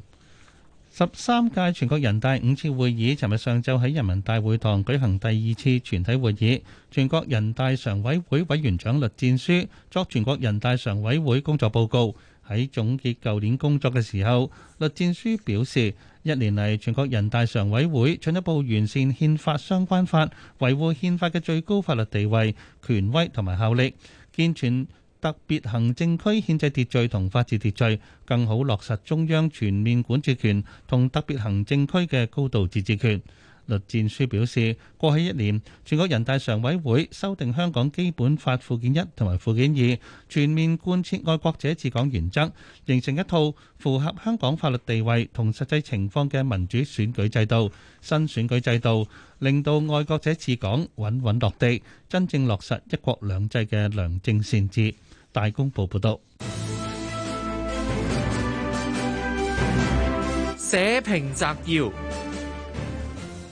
十三屆全國人大五次會議尋日上晝喺人民大會堂舉行第二次全體會議，全國人大常委會委員長栗戰書作全國人大常委會工作報告。喺總結舊年工作嘅時候，栗戰書表示，一年嚟全國人大常委會進一步完善憲法相關法，維護憲法嘅最高法律地位、權威同埋效力，健全特別行政區憲制秩序同法治秩序，更好落實中央全面管治權同特別行政區嘅高度自治權。律戰書表示，過去一年，全國人大常委會修訂香港基本法附件一同埋附件二，全面貫徹愛國者治港原則，形成一套符合香港法律地位同實際情況嘅民主選舉制度。新選舉制度令到愛國者治港穩穩落地，真正落實一國兩制嘅良政善治。大公報報道。社評摘要。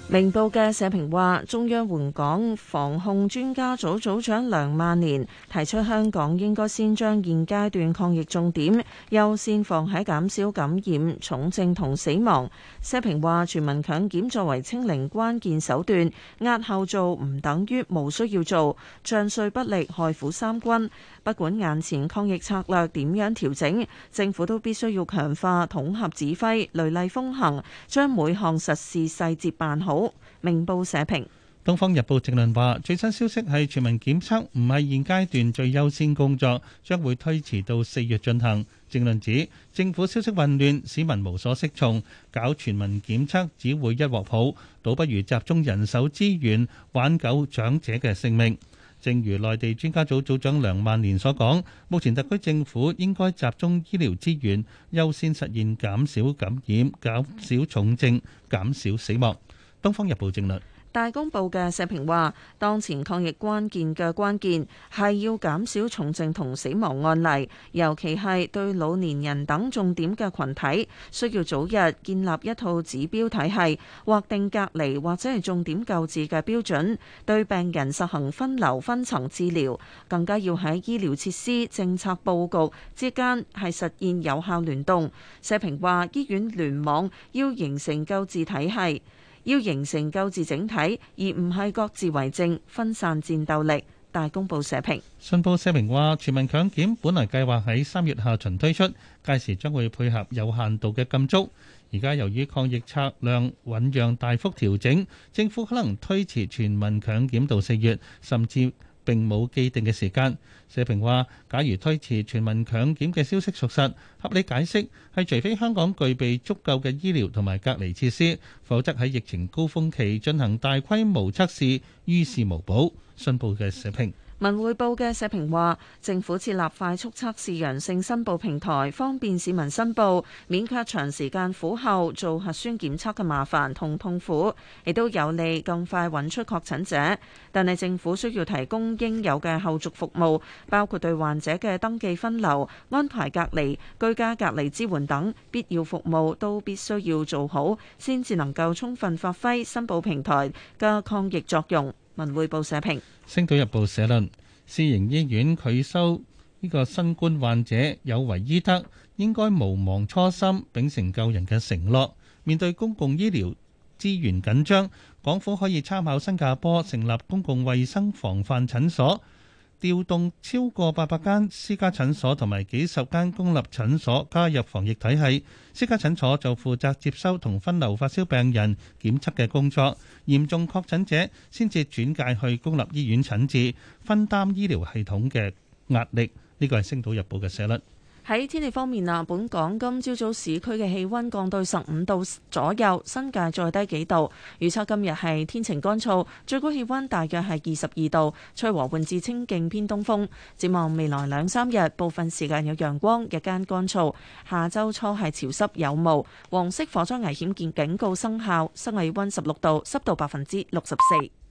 明報嘅社評話，中央援港防控專家組組長梁萬年提出，香港應該先將現階段抗疫重點優先放喺減少感染、重症同死亡。社評話，全民強檢作為清零關鍵手段，押後做唔等於無需要做，仗稅不力害苦三軍。不管眼前抗疫策略點樣調整，政府都必須要強化統合指揮、雷厲風行，將每項實事細節辦好。明報社評，《東方日報》正論話，最新消息係全民檢測唔係現階段最優先工作，將會推遲到四月進行。正論指政府消息混亂，市民無所適從，搞全民檢測只會一鑊普，倒不如集中人手資源挽救長者嘅性命。正如內地專家組組長梁萬年所講，目前特區政府應該集中醫療資源，優先實現減少感染、減少重症、減少死亡。《東方日報》政略，大公報嘅社評話，當前抗疫關鍵嘅關鍵係要減少重症同死亡案例，尤其係對老年人等重點嘅群體，需要早日建立一套指標體系，劃定隔離或者係重點救治嘅標準，對病人實行分流分層治療。更加要喺醫療設施、政策佈局之間係實現有效聯動。社評話，醫院聯網要形成救治體系。要形成救治整體，而唔係各自為政、分散戰鬥力。大公報社評。信報社評話，全民強檢本來計劃喺三月下旬推出，屆時將會配合有限度嘅禁足。而家由於抗疫策略醞釀大幅調整，政府可能推遲全民強檢到四月，甚至。並冇既定嘅時間。社評話：假如推遲全民強檢嘅消息屬實，合理解釋係除非香港具備足夠嘅醫療同埋隔離設施，否則喺疫情高峰期進行大規模測試，於事無補。信報嘅社評。文匯報嘅社評話，政府設立快速測試陽性申報平台，方便市民申報，免卻長時間苦候做核酸檢測嘅麻煩同痛苦，亦都有利更快揾出確診者。但係政府需要提供應有嘅後續服務，包括對患者嘅登記分流、安排隔離、居家隔離支援等必要服務，都必須要做好，先至能夠充分發揮申報平台嘅抗疫作用。文匯報社評，《星島日報》社論：私營醫院拒收呢個新冠患者有違醫德，應該無忘初心，秉承救人嘅承諾。面對公共醫療資源緊張，港府可以參考新加坡成立公共衛生防範診所，調動超過八百間私家診所同埋幾十間公立診所加入防疫體系，私家診所就負責接收同分流發燒病人檢測嘅工作，嚴重確診者先至轉介去公立醫院診治，分擔醫療系統嘅壓力。呢個係星島日報嘅社論。喺天氣方面啊，本港今朝早市區嘅氣溫降到十五度左右，新界再低幾度。預測今日係天晴乾燥，最高氣溫大約係二十二度，吹和緩至清勁偏東風。展望未來兩三日，部分時間有陽光，日間乾燥。下周初係潮濕有霧，黃色火災危險見警告生效。室內溫十六度，濕度百分之六十四。